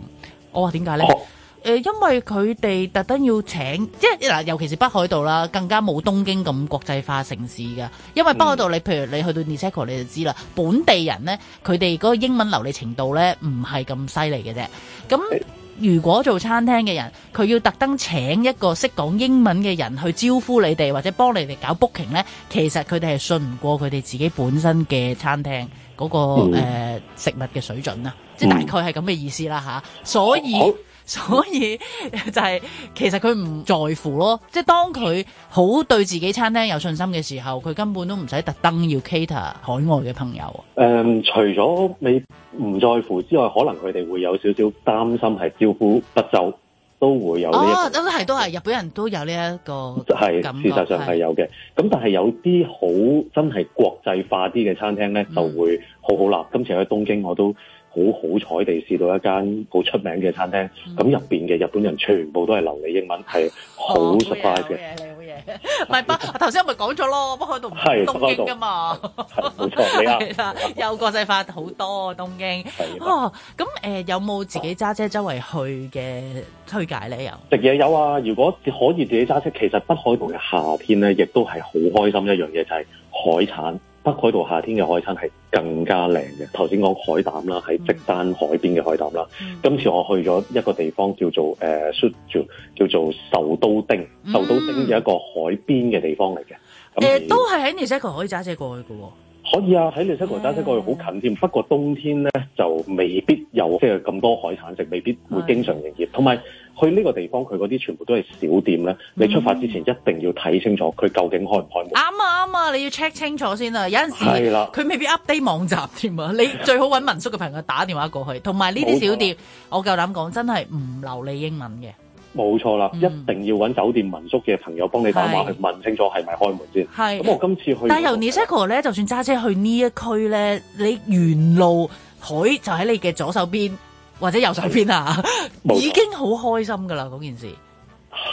我話點解咧？哦誒、呃，因為佢哋特登要請，即係嗱，尤其是北海道啦，更加冇東京咁國際化城市㗎。因為北海道，你譬如你去到 Niseko 你就知啦，本地人呢，佢哋嗰個英文流利程度呢，唔係咁犀利嘅啫。咁如果做餐廳嘅人，佢要特登請一個識講英文嘅人去招呼你哋，或者幫你哋搞 booking 呢，其實佢哋係信唔過佢哋自己本身嘅餐廳嗰、嗰個、嗯呃、食物嘅水準啦，即係大概係咁嘅意思啦嚇，所以。所以就係、是、其實佢唔在乎咯，即係當佢好對自己餐廳有信心嘅時候，佢根本都唔使特登要 cater 海外嘅朋友。誒、嗯，除咗你唔在乎之外，可能佢哋會有少少擔心係招呼不周，都會有呢一個、哦、都係都係日本人都有呢一個係、就是、事實上係有嘅。咁是但係有啲好真係國際化啲嘅餐廳咧，就會好好啦。嗯、今次去東京我都。好好彩地試到一間好出名嘅餐廳，咁入、嗯、面嘅日本人全部都係流利英文，係好 surprise 嘅。好好嘢，唔係不，頭先我咪講咗咯，北海道唔係 <laughs> 東京㗎嘛。冇 <laughs> 錯，你啦 <laughs> 有國際化好多啊東京。咁的、哦呃、有冇自己揸車周圍去嘅推介咧？有食嘢有啊，如果可以自己揸車，其實北海道嘅夏天咧，亦都係好開心一樣嘢，就係、是、海產。北海道夏天嘅海灘係更加靚嘅。頭先講海膽啦，係積丹海邊嘅海膽啦。嗯、今次我去咗一個地方叫做誒、呃，叫叫做壽都町，壽、嗯、都町有一個海邊嘅地方嚟嘅。誒、嗯，呃、是都係喺尼西，w 可以揸車過去嘅、哦。可以啊，喺你新加坡揸車過去好近添。的不過冬天咧就未必有即係咁多海產食，未必會經常營業。同埋的去呢個地方佢嗰啲全部都係小店咧，你出發之前一定要睇清楚佢究竟開唔開門。啱啊啱啊，你要 check 清楚先啊。有陣時啦，佢的未必 update 網站添啊。你最好搵民宿嘅朋友打電話過去，同埋呢啲小店，我夠膽講真係唔流利英文嘅。冇錯啦，嗯、一定要揾酒店民宿嘅朋友幫你打電話是去問清楚係咪開門先。咁是我今次去，但由 Niagara 咧，就算揸車去一區呢一區咧，你沿路海就喺你嘅左手邊或者右手邊啊，錯已經好開心噶啦！嗰件事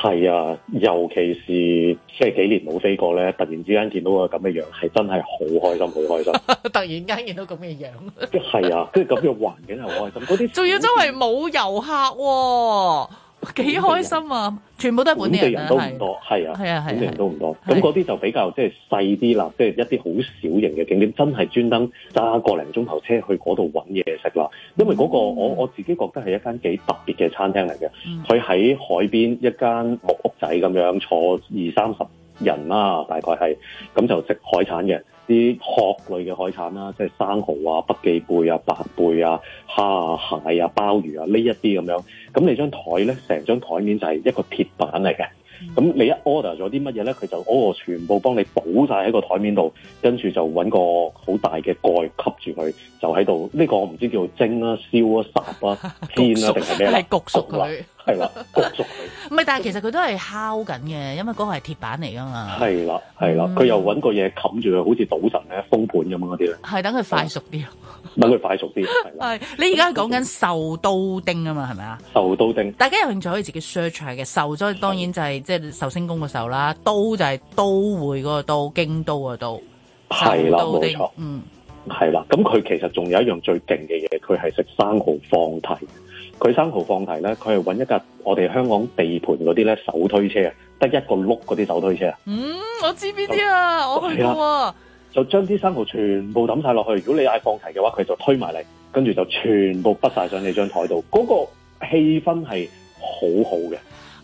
係啊，尤其是即係幾年冇飛過咧，突然之間見到個咁嘅樣，係真係好開心，好開心！ <laughs> 突然間見到咁嘅樣,樣，即係呀，啊，跟住咁嘅環境好開心，嗰啲仲要周圍冇遊客、啊。幾開心啊！全部都係本地人都唔多、啊、本地人都唔多，係是啊，本地人都唔多。咁嗰啲就比較即係細啲啦，即、就、係、是、一啲好、啊、小型嘅景點，真係專登揸個零鐘頭車去嗰度搵嘢食啦。因為嗰個我我自己覺得係一間幾特別嘅餐廳嚟嘅，佢喺、嗯、海邊一間木屋仔咁樣坐二三十人啦、啊，大概係咁就食海產嘅啲殼類嘅海產啦、啊，即係生蠔啊、北極貝啊、白貝啊、蝦啊、蟹啊、鮑魚啊呢一啲咁樣。咁你張台咧，成張台面就係一個鐵板嚟嘅。咁、嗯、你一 order 咗啲乜嘢咧，佢就攞全部幫你補晒喺個台面度，跟住就搵個好大嘅蓋吸住佢，就喺度。呢、呢個我唔知叫蒸啊、燒啊、烚啊、煎啊定係咩啊？焗熟佢。係啦，焗熟佢。唔係，但係其實佢都係烤緊嘅，因為嗰個係鐵板嚟噶嘛。係啦，係啦，佢又搵個嘢冚住佢，好似賭神咧封盤咁樣嗰啲咧。係等佢快熟啲，等佢快熟啲，係啦。你而家講緊壽都丁啊嘛，係咪啊？壽都丁，大家有興趣可以自己 search 下嘅壽，所當然就係即係壽星公嘅壽啦，都就係都會嗰個都，京都個都，係啦，壽都丁，冇錯，嗯，係啦。咁佢其實仲有一樣最勁嘅嘢，佢係食生蠔放題。佢生蠔放題咧，佢係揾一架我哋香港地盤嗰啲咧手推車啊，得一個碌嗰啲手推車啊。嗯，我知邊啲啊？就我係啊，啊！就將啲生蠔全部抌晒落去。如果你嗌放題嘅話，佢就推埋你，跟住就全部筆晒上你張枱度。嗰個氣氛係好好嘅。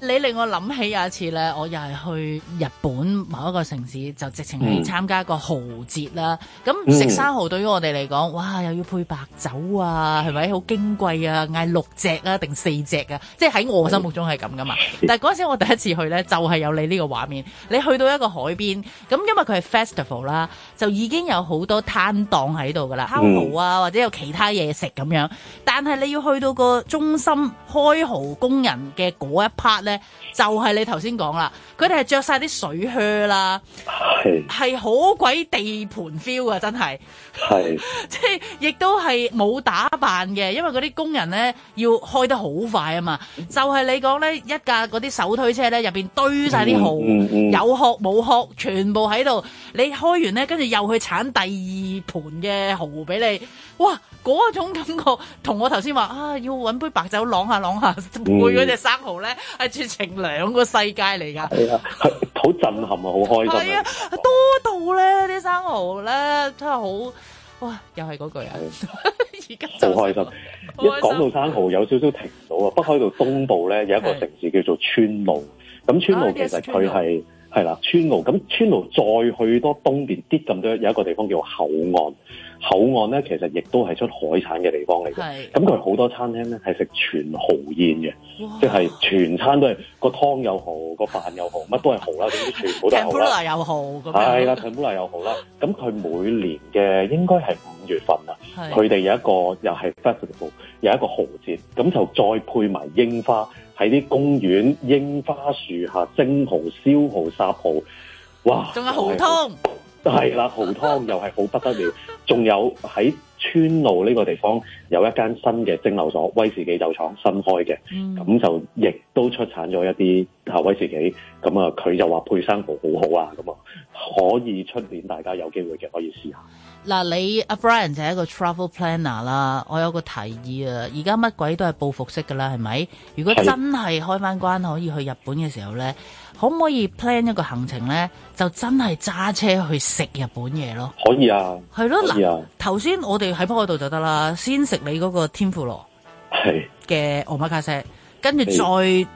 你令我諗起有一次咧，我又係去日本某一個城市，就直情去參加一個豪節啦。咁、嗯、食生蚝對於我哋嚟講哇，又要配白酒啊，係咪好矜貴啊？嗌六隻啊，定四隻啊，即係喺我心目中係咁噶嘛。但係陣時我第一次去咧，就係、是、有你呢個畫面。你去到一個海邊咁因為佢係 festival 啦，就已經有好多攤檔喺度噶啦，烤蠔啊、或者有其他嘢食咁樣，但係你要去到個中心開蚝工人嘅一 part 咧，就係你頭先講啦，佢哋係着晒啲水靴啦，係係好鬼地盤 feel 啊，真係，係即係亦都係冇打扮嘅，因為嗰啲工人咧要開得好快啊嘛，就係、是、你講咧，一架嗰啲手推車咧入邊堆晒啲蠔，嗯嗯、有殼冇殼全部喺度，你開完咧，跟住又去鏟第二盤嘅蠔俾你，哇，嗰種感覺同我頭先話啊，要揾杯白酒啷下啷下配嗰隻生蠔咧，係情兩個世界嚟噶，係啊，好震撼啊，好開心。啊，多到咧啲生蠔咧，真係好哇！又係嗰句，而家好開心。一講到生蠔，有少少停唔到啊！北海道東部咧有一個城市叫做川路，咁川、啊、路其實佢係係啦，川、啊、路。咁川、啊、路，路再去多東邊啲咁多，有一個地方叫厚岸。口岸咧，其實亦都係出海產嘅地方嚟嘅。咁佢好多餐廳咧，係食全蠔宴嘅，即係全餐都係個湯又蠔，個飯又蠔，乜都係蠔啦。總之全部都蠔。泰布拉又蠔，係啦，泰布拉又蠔啦。咁佢每年嘅應該係五月份啦，佢哋有一個又係 festival，有一個蠔節，咁就再配埋櫻花喺啲公園櫻花樹下，蒸蠔、燒蠔、殺蠔，哇！仲有蠔湯，係啦，蠔湯又係好不得了。仲有喺村路呢個地方有一間新嘅蒸餾所，威士忌酒廠新開嘅，咁、嗯、就亦都出產咗一啲啊威士忌，咁啊佢就話配生蠔好好啊，咁啊可以出年大家有機會嘅可以試下。嗱，你阿 Brian 就係一個 travel planner 啦。我有個提議啊，而家乜鬼都係報復式噶啦，係咪？如果真係開翻關可以去日本嘅時候咧，是可唔可以 plan 一個行程咧？就真係揸車去食日本嘢咯？可以啊，係咯。嗱、啊，頭先我哋喺北海道就得啦。先食你嗰個天婦羅，嘅奧馬卡石，跟住再雲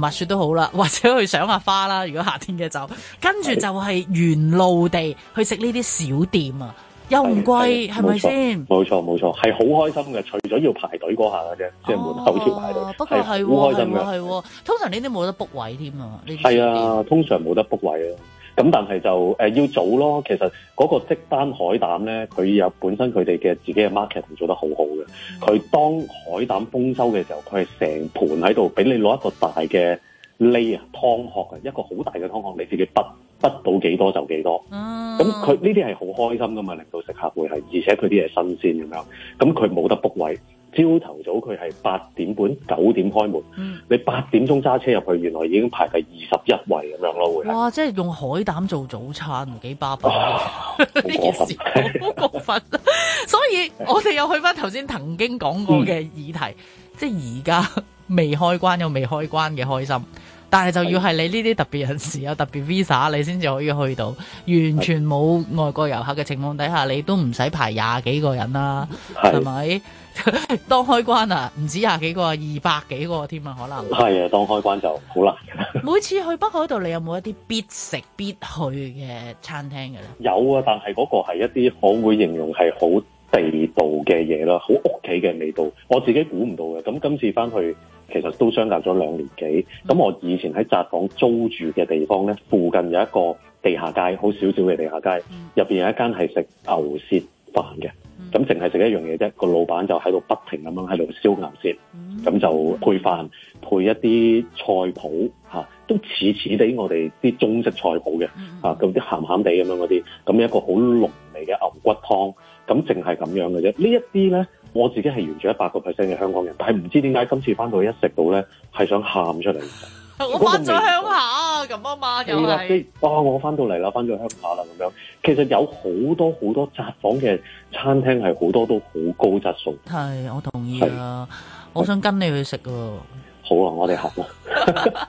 滑雪都好啦，或者去賞下花啦。如果夏天嘅就跟住就係沿路地去食呢啲小店啊。又唔貴，係咪先？冇錯冇錯，係好開心嘅，除咗要排隊嗰下啫，即係門口要排隊，不過係好、哦、開心嘅。係通常呢啲冇得 book 位添啊？係啊，啊，啊，通常冇得 book 位啊。咁但係就誒要早咯。其實嗰個積丹海膽咧，佢有本身佢哋嘅自己嘅 market 做得好好嘅。佢、嗯、當海膽豐收嘅時候，佢係成盤喺度俾你攞一個大嘅。瀨啊湯殼啊，一個好大嘅湯殼，你自己不不到幾多就幾多。咁佢呢啲係好開心噶嘛，令到食客會係，而且佢啲嘢新鮮咁樣。咁佢冇得 book 位，朝頭早佢係八點半九點開門。嗯、你八點鐘揸車入去，原來已經排第二十一位咁樣咯。會哇，即係用海膽做早餐，唔幾巴閉。呢件事好過分 <laughs> <laughs> 所以 <laughs> 我哋又去翻頭先曾經講過嘅議題，嗯、即係而家。未開關有未開關嘅開心，但係就要係你呢啲特別人士有特別 visa，你先至可以去到。完全冇外國遊客嘅情況底下，你都唔使排廿幾個人啦，係咪是？當開關啊，唔止廿幾個啊，二百幾個添啊，可能。係啊，當開關就好難㗎喇。 <laughs> 每次去北海道，你有冇一啲必食必去嘅餐廳嘅咧？有啊，但係嗰個係一啲我會形容係好地道嘅嘢啦，好屋企嘅味道。我自己估唔到嘅。咁今次翻去。其實都相隔咗兩年幾，咁我以前喺雜房租住嘅地方咧，附近有一個地下街，好少少嘅地下街，入邊有一間係食牛舌飯嘅，咁淨係食一樣嘢啫。個老闆就喺度不停咁樣喺度燒牛舌，咁、嗯、就配飯、嗯、配一啲菜脯、啊，都似似地我哋啲中式菜脯嘅嚇，咁啲鹹鹹地咁樣嗰啲，咁、啊、一,一個好濃味嘅牛骨湯，咁淨係咁樣嘅啫。呢一啲咧。我自己係完全一百個 percent 嘅香港人，但係唔知點解今次翻到去一食到咧，係想喊出嚟。我翻咗鄉下咁啊嘛，又係我翻到嚟啦，翻咗鄉下啦咁樣。其實有好多好多窄房嘅餐廳係好多都好高質素。係，我同意啊！是我想跟你去食喎。好啊，我哋學啊。 <laughs> <laughs>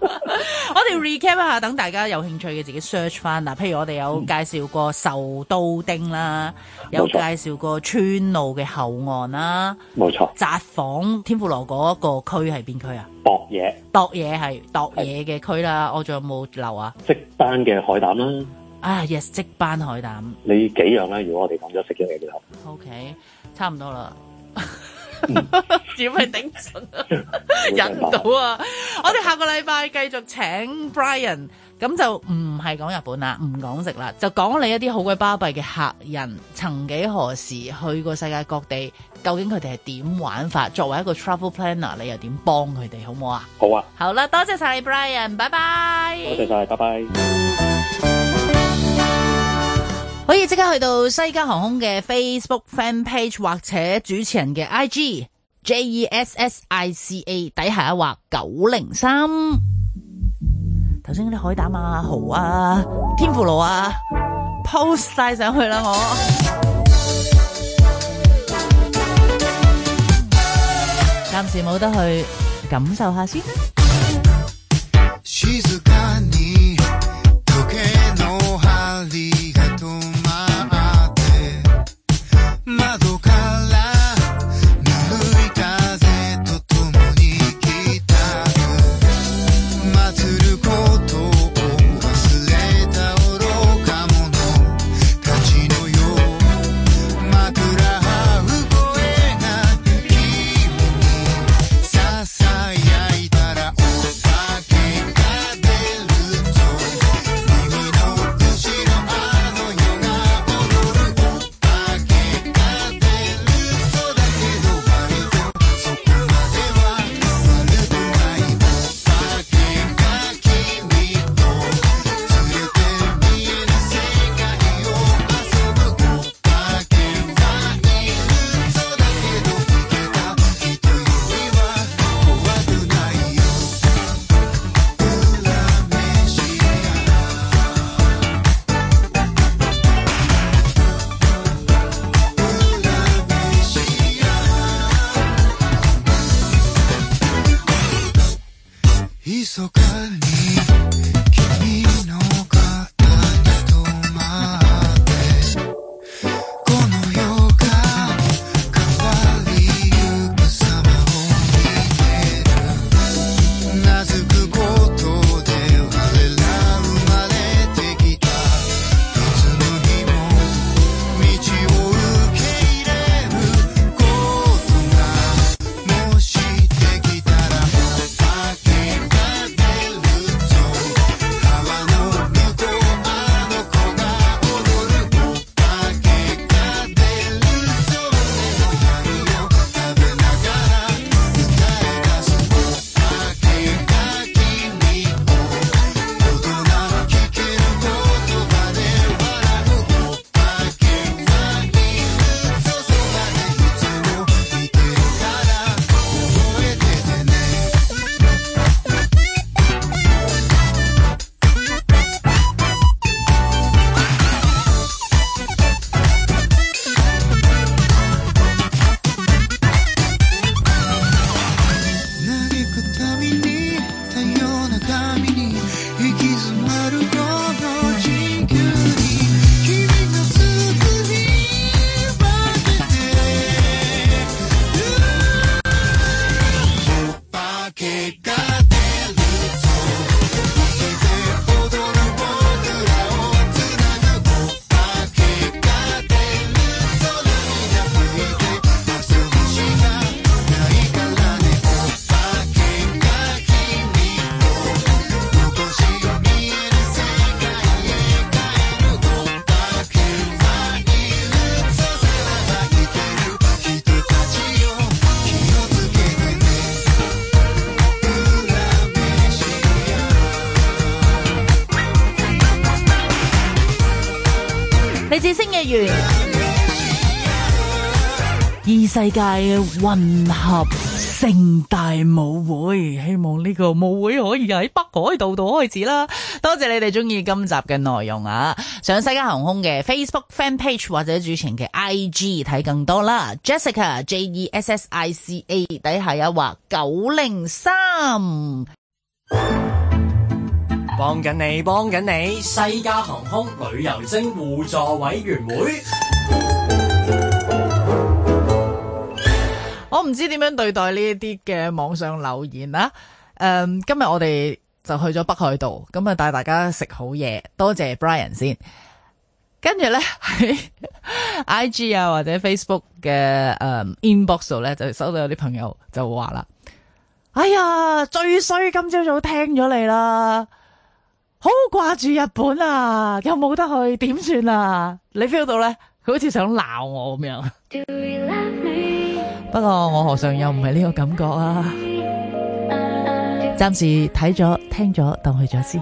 我哋 recap 一下，等大家有興趣嘅自己 search 翻嗱。譬如我哋有介紹過壽都丁啦，嗯、有介紹過川路嘅後岸啦，冇錯錯。札幌天婦羅嗰個區個區係邊區啊？博野，博野係博野嘅區啦。是我仲有冇留啊？即班嘅海膽啦，啊、哎、，yes 即班海膽。你幾樣咧？如果我哋講咗嘅，你嘅、okay，好。O K，差唔多啦。點係頂忍唔到啊！ <laughs> 我哋下個禮拜繼續請 Brian，咁就唔係講日本啦，唔講食啦，就講你一啲好鬼巴閉嘅客人，曾幾何時去過世界各地，究竟佢哋係點玩法？作為一個 travel planner，你又點幫佢哋好唔好啊？好啊，好啊，好啦，多謝晒你，Brian，拜拜。多謝晒，拜拜。可以即刻去到西加航空嘅 Facebook fan page 或者主持人嘅 IG J E S S I C A 底下一畫九零三，頭先嗰啲海膽啊、蠔啊、天婦羅啊，post 晒上去啦我，暫 <music> 時冇得去感受下先。世界混合盛大舞會，希望呢個舞會可以喺北海道度開始啦！多謝你哋中意今集嘅內容啊！上西加航空嘅 Facebook fan page 或者主持人嘅 IG 睇更多啦，Jessica J E S S I C A 底下一劃九零三，幫緊你，幫緊你，西加航空旅遊精互助委員會。.我唔知點樣對待呢一啲嘅網上留言啦，啊。誒、um，今日我哋就去咗北海道，咁啊帶大家食好嘢。多謝 Brian 先。跟住咧喺 IG 啊或者 Facebook 嘅誒、um, inbox 咧就收到有啲朋友就會話啦，哎呀，最衰今朝早聽咗你啦，好掛住日本啊，又冇得去，點算啊？你 feel 到咧，佢好似想鬧我咁樣。Do you love me? 不過我何嘗又唔係呢個感覺啊！暫時睇咗聽咗，當去咗先。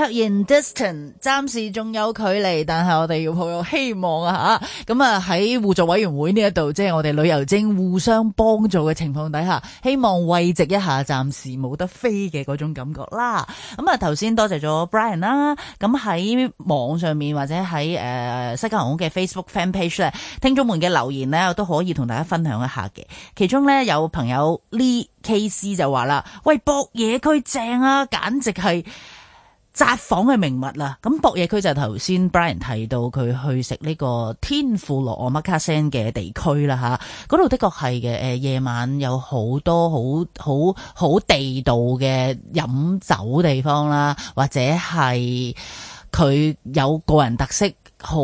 確 distance 暫時仲有距離，但係我哋要抱有希望啊！吓，咁啊，喺互助委員會呢一度，即係我哋旅遊精互相幫助嘅情況底下，希望慰藉一下暫時冇得飛嘅嗰種感覺啦。咁啊，頭先多謝咗 Brian 啦。咁喺網上面或者喺誒、呃、西加航空嘅 Facebook fan page 咧，聽眾們嘅留言呢，我都可以同大家分享一下嘅。其中呢，有朋友 Lee K C 就話啦，喂，博野區正啊，簡直係。札幌嘅名物啦，咁博野區就係頭先 Brian 提到佢去食呢個天婦羅奧馬卡森嘅地區啦吓，嗰度的確係嘅、呃，夜晚有好多好好好地道嘅飲酒地方啦，或者係佢有個人特色好。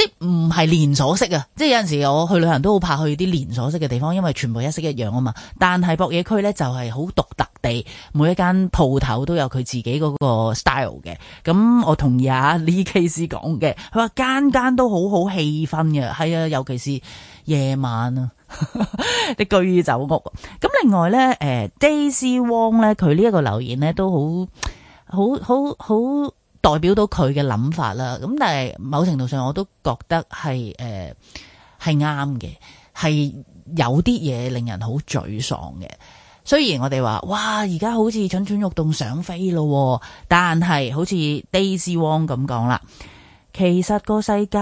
即唔係連鎖式啊！即係有陣時我去旅行都好怕去啲連鎖式嘅地方，因為全部一式一樣啊嘛。但係博野區咧就係好獨特地，每一間鋪頭都有佢自己嗰個 style 嘅。咁我同意啊，李 KC 講嘅，佢話間間都好好氣氛嘅。係啊，尤其是夜晚啊，啲居酒屋。咁另外咧，呃，Daisy Wong 咧，佢呢一個留言咧都好好好好。代表到佢嘅諗法啦，咁但係某程度上我都覺得係誒係啱嘅，係、呃、有啲嘢令人好沮喪嘅。雖然我哋話哇，而家好似蠢蠢欲動想飛咯，但係好似 Daisy Wong 咁講啦，其實個世界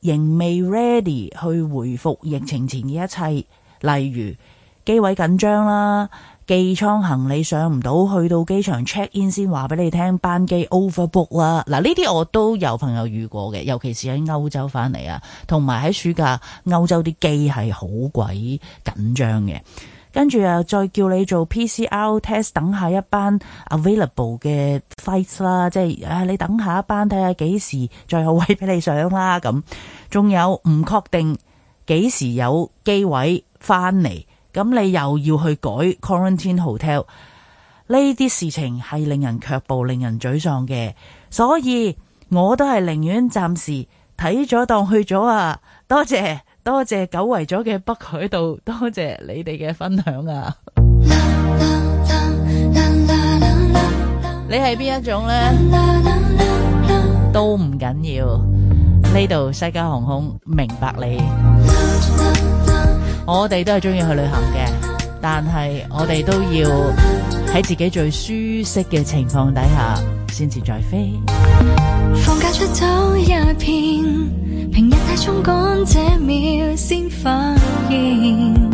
仍未 ready 去回復疫情前嘅一切，例如機位緊張啦。寄倉行李上唔到，去到機場 check in 先話俾你聽班機 overbook 啦。嗱呢啲我都有朋友遇過嘅，尤其是喺歐洲翻嚟啊，同埋喺暑假歐洲啲機係好鬼緊張嘅。跟住啊，再叫你做 PCR test，等下一班 available 嘅 flight 啦，即係啊你等下一班睇下幾時最好位俾你上啦咁。仲有唔確定幾時有機位翻嚟。咁你又要去改 quarantine hotel 呢啲事情係令人卻步，令人沮喪嘅，所以我都係寧願暫時睇咗當去咗啊！多謝多謝久違咗嘅北海道，多謝你哋嘅分享啊！你係邊一種呢？都唔緊要，呢度西加航空明白你。我哋都係中意去旅行嘅，但係我哋都要喺自己最舒適嘅情況底下先至再飛。放假出走一片，平日太沖趕，這秒先發現。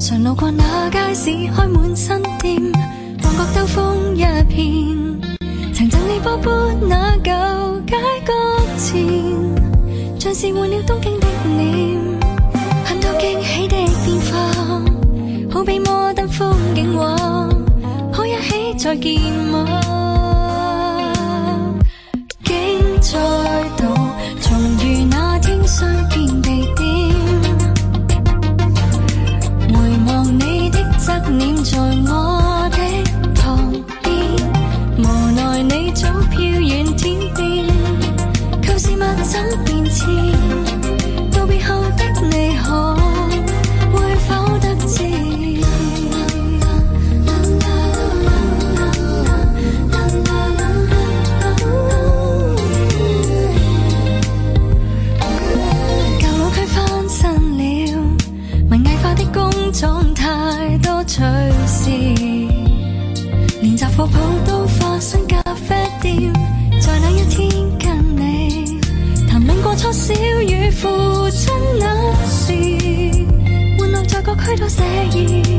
常路過那街市開滿新店，旺角兜風一片。曾贈你波波那舊街角前，像是換了東京的臉。驚喜的變化，好比摩登風景畫，好一起再見嗎？竟再度重遇那天上。父親那時，歡樂在各區都寫意。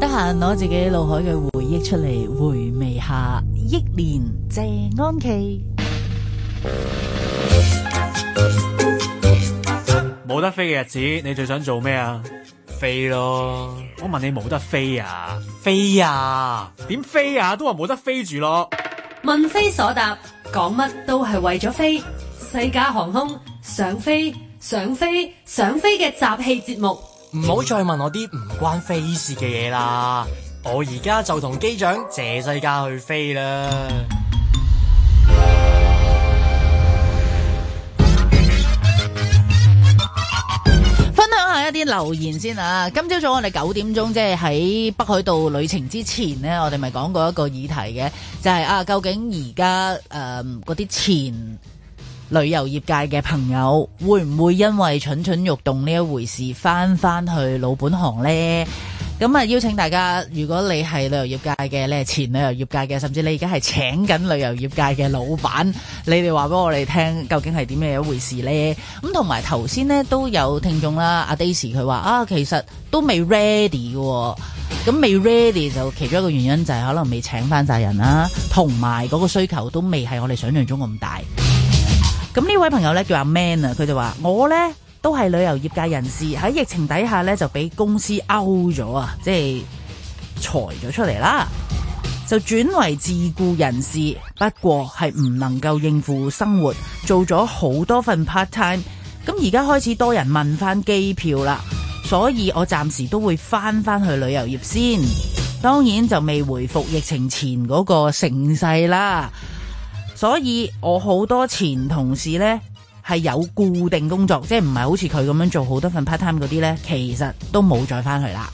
得閒攞自己腦海嘅回憶出嚟回味下年，憶念謝安琪。冇得飛嘅日子，你最想做咩啊？飛咯！我問你冇得，得飛啊？飛啊？點飛啊？都話冇得飛住咯。問飛所答，講乜都係為咗飛。西加航空，想飛。上飛上飛嘅雜氣節目，唔好、嗯、再問我啲唔關飛事嘅嘢啦！我而家就同機長謝世嘉去飛啦。 <music> 分享下一啲留言先啊！今朝早我哋九點鐘即係喺北海道旅程之前呢，我哋咪講過一個議題嘅，就係、是、啊，究竟而家誒嗰啲錢。呃旅遊業界嘅朋友會唔會因為蠢蠢欲動呢一回事翻翻去老本行呢？咁啊，邀請大家，如果你係旅遊業界嘅，你係前旅遊業界嘅，甚至你而家係請緊旅遊業界嘅老闆，你哋話俾我哋聽，究竟係點樣一回事呢？咁同埋頭先呢都有聽眾啦，阿 Daisy 佢話啊，其實都未 ready 嘅，哦，咁未 ready 就其中一個原因就係可能未請翻晒人啦，啊，同埋嗰個需求都未係我哋想象中咁大。咁呢位朋友咧，叫阿 Man 啊，佢就話我呢，都係旅遊業界人士，喺疫情底下呢，就俾公司勾咗，啊，即係裁咗出嚟啦，就轉為自僱人士，不過係唔能夠應付生活，做咗好多份 part time，咁而家開始多人問翻機票啦，所以我暫時都會翻翻去旅遊業先，當然就未回復疫情前嗰個盛世啦。所以我好多前同事呢，係有固定工作，即係唔係好似佢咁樣做好多份 part time 嗰啲呢，其實都冇再翻去啦。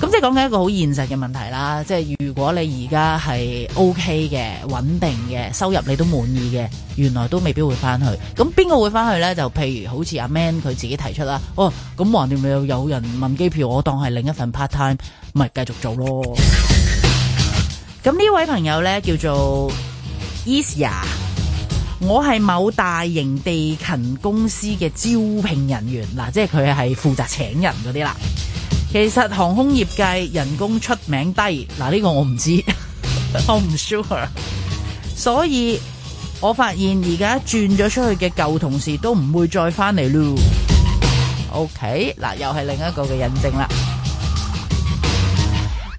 咁即係講緊一個好現實嘅問題啦。即係如果你而家係 OK 嘅，穩定嘅收入，你都滿意嘅，原來都未必會翻去。咁邊個會翻去呢？就譬如，好似阿 Man 佢自己提出啦。哦、啊，咁橫掂有有人問機票，我當係另一份 part time，咪繼續做咯。咁呢位朋友呢，叫做。Easier，我係某大型地勤公司嘅招聘人員嗱，即係佢係負責請人嗰啲啦。其實航空業界人工出名低嗱，呢、呢個我唔知，我 <laughs> 唔 sure。所以我發現而家轉咗出去嘅舊同事都唔會再翻嚟咯。OK，嗱，又係另一個嘅印證啦。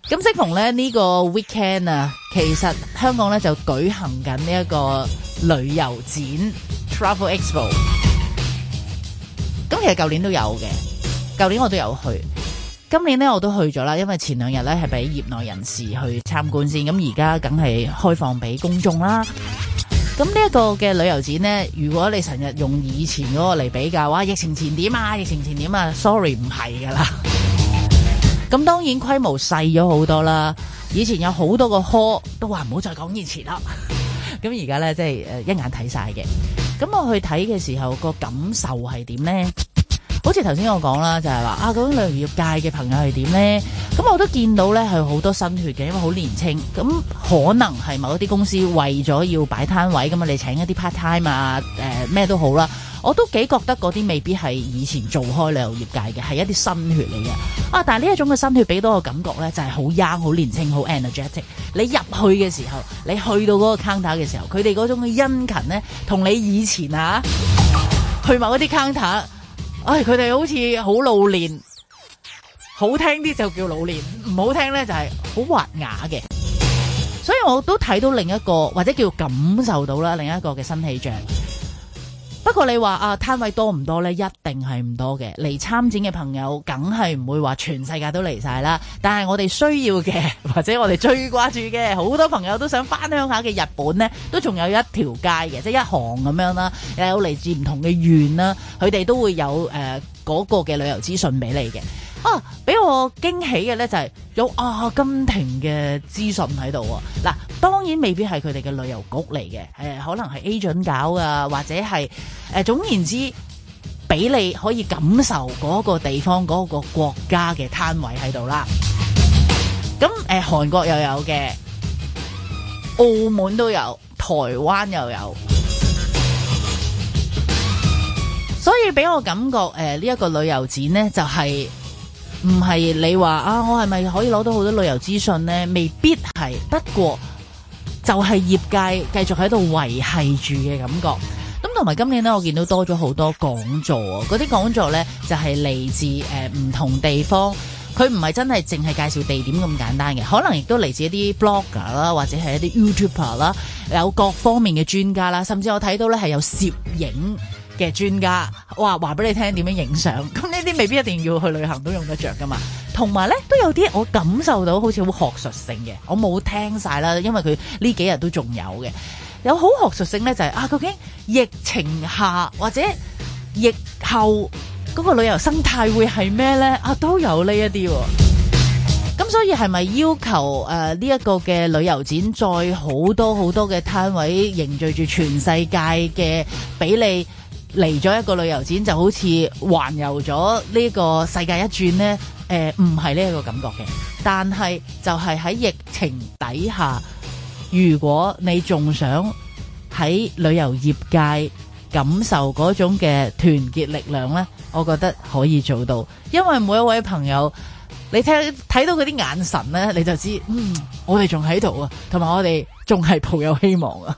咁，適逢咧呢個 weekend 啊，其實香港咧就舉行緊呢一個旅遊展 Travel Expo。咁 exp 其實舊年都有嘅，舊年我都有去，今年咧我都去咗啦。因為前兩日咧係俾業內人士去參觀先，咁而家梗係開放俾公眾啦。咁呢一個嘅旅遊展咧，如果你成日用以前嗰個嚟比較，話，疫情前點啊，疫情前點啊，sorry，唔係㗎喇。咁當然規模細咗好多啦，以前有好多個 hall 都話唔好再講以前啦。咁而家咧即係一眼睇晒嘅。咁我去睇嘅時候個感受係點咧？好似頭先我講啦，就係話啊，嗰種旅遊界嘅朋友係點咧？咁我都見到咧係好多新血嘅，因為好年輕。咁可能係某一啲公司為咗要擺攤位咁啊，你請一啲 part time 啊，呃咩都好啦。我都幾覺得嗰啲未必係以前做開旅遊業界嘅，係一啲新血嚟嘅。啊，但係呢一種嘅新血俾到我感覺咧，就係好 young、好年輕、好 energetic。你入去嘅時候，你去到嗰個 counter 嘅時候，佢哋嗰種殷勤咧，同你以前啊去埋嗰啲 counter，唉、哎，佢哋好似好老練，好聽啲就叫老練，唔好聽咧就係好滑牙嘅。所以我都睇到另一個，或者叫感受到啦，另一個嘅新氣象。不過你話啊攤位多唔多呢？一定係唔多嘅。嚟參展嘅朋友，梗係唔會話全世界都嚟晒啦。但係我哋需要嘅，或者我哋最掛住嘅，好多朋友都想翻鄉下嘅日本呢，都仲有一條街嘅，即係一行咁樣啦。有嚟自唔同嘅縣啦，佢哋都會有誒嗰個嘅旅遊資訊俾你嘅。啊！俾我驚喜嘅咧就係有阿根、啊、廷嘅資訊喺度喎。嗱，當然未必係佢哋嘅旅遊局嚟嘅、呃，可能係 agency 搞啊，或者係、呃、總言之，俾你可以感受嗰個地方嗰、嗰個國家嘅攤位喺度啦。咁誒、呃，韓國又有嘅，澳門都有，台灣又有，所以俾我感覺呢一、呃呢個旅遊展咧就係、係。唔係你話啊，我係咪可以攞到好多旅遊資訊咧？未必係，不過就係業界繼續喺度維繫住嘅感覺，咁同埋今年咧，我見到多咗好多講座啊！嗰啲講座咧就係嚟自，誒，唔同地方，佢唔係真係淨係介紹地點咁簡單嘅，可能亦都嚟自一啲 blogger 啦，或者係一啲 youtuber 啦，有各方面嘅專家啦，甚至我睇到咧係有攝影嘅專家，哇！話俾你聽點樣影相。呢啲未必一定要去旅行都用得着噶嘛，同埋咧都有啲我感受到好似好學術性嘅，我冇聽晒啦，因為佢呢幾日都仲有嘅，有好學術性咧就係、是、啊，究竟疫情下或者疫後嗰個旅遊生態會係咩咧？啊，都有呢一啲，咁 <music> 所以係咪要求誒呢一個嘅旅遊展再好多好多嘅攤位凝聚住全世界嘅比例。嚟咗一個旅遊展，就好似環遊咗呢個世界一轉呢，誒，唔係呢個感覺嘅，但係就係喺疫情底下，如果你仲想喺旅遊業界感受嗰種嘅團結力量呢，我覺得可以做到。因為每一位朋友，你睇睇到佢啲眼神呢，你就知，嗯，我哋仲喺度啊，同埋我哋仲係抱有希望啊。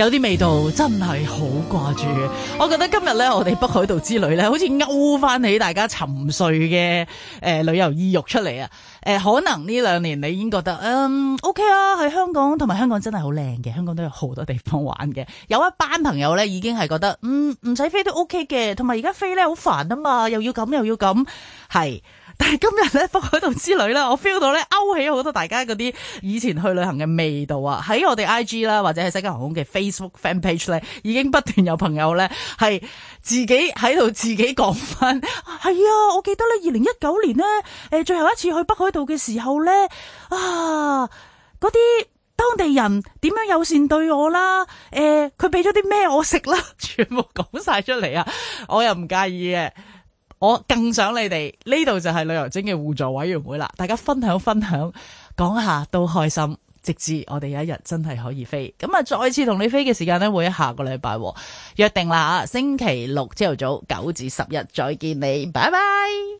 有啲味道，真係好掛住嘅。我覺得今日呢，我哋北海道之旅呢，好似勾翻起大家沉睡嘅誒、呃、旅遊意欲出嚟啊！誒、呃，可能呢兩年你已經覺得嗯 O、OK、K 啊，喺香港同埋香港真係好靚嘅，香港都有好多地方玩嘅。有一班朋友呢，已經係覺得唔唔使飛都 O K 嘅，同埋而家飛呢，好煩啊嘛，又要咁又要咁係。但係今日咧北海道之旅咧，我 feel 到咧勾起好多大家嗰啲以前去旅行嘅味道啊！喺我哋 IG 啦，或者係西加航空嘅 Facebook fan page 咧，已經不斷有朋友咧係自己喺度自己講翻。係 <laughs> 啊，我記得咧，二零一九年咧，誒最後一次去北海道嘅時候咧，啊嗰啲當地人點樣友善對我啦，誒佢俾咗啲咩我食啦，全部講晒出嚟啊！我又唔介意嘅。我更想你哋呢度就係旅遊精嘅互助委員會啦，大家分享分享，講下都開心，直至我哋有一日真係可以飛。咁啊，再次同你飛嘅時間咧會喺下個禮拜，約定啦，星期六朝頭早九至十日再見你，拜拜。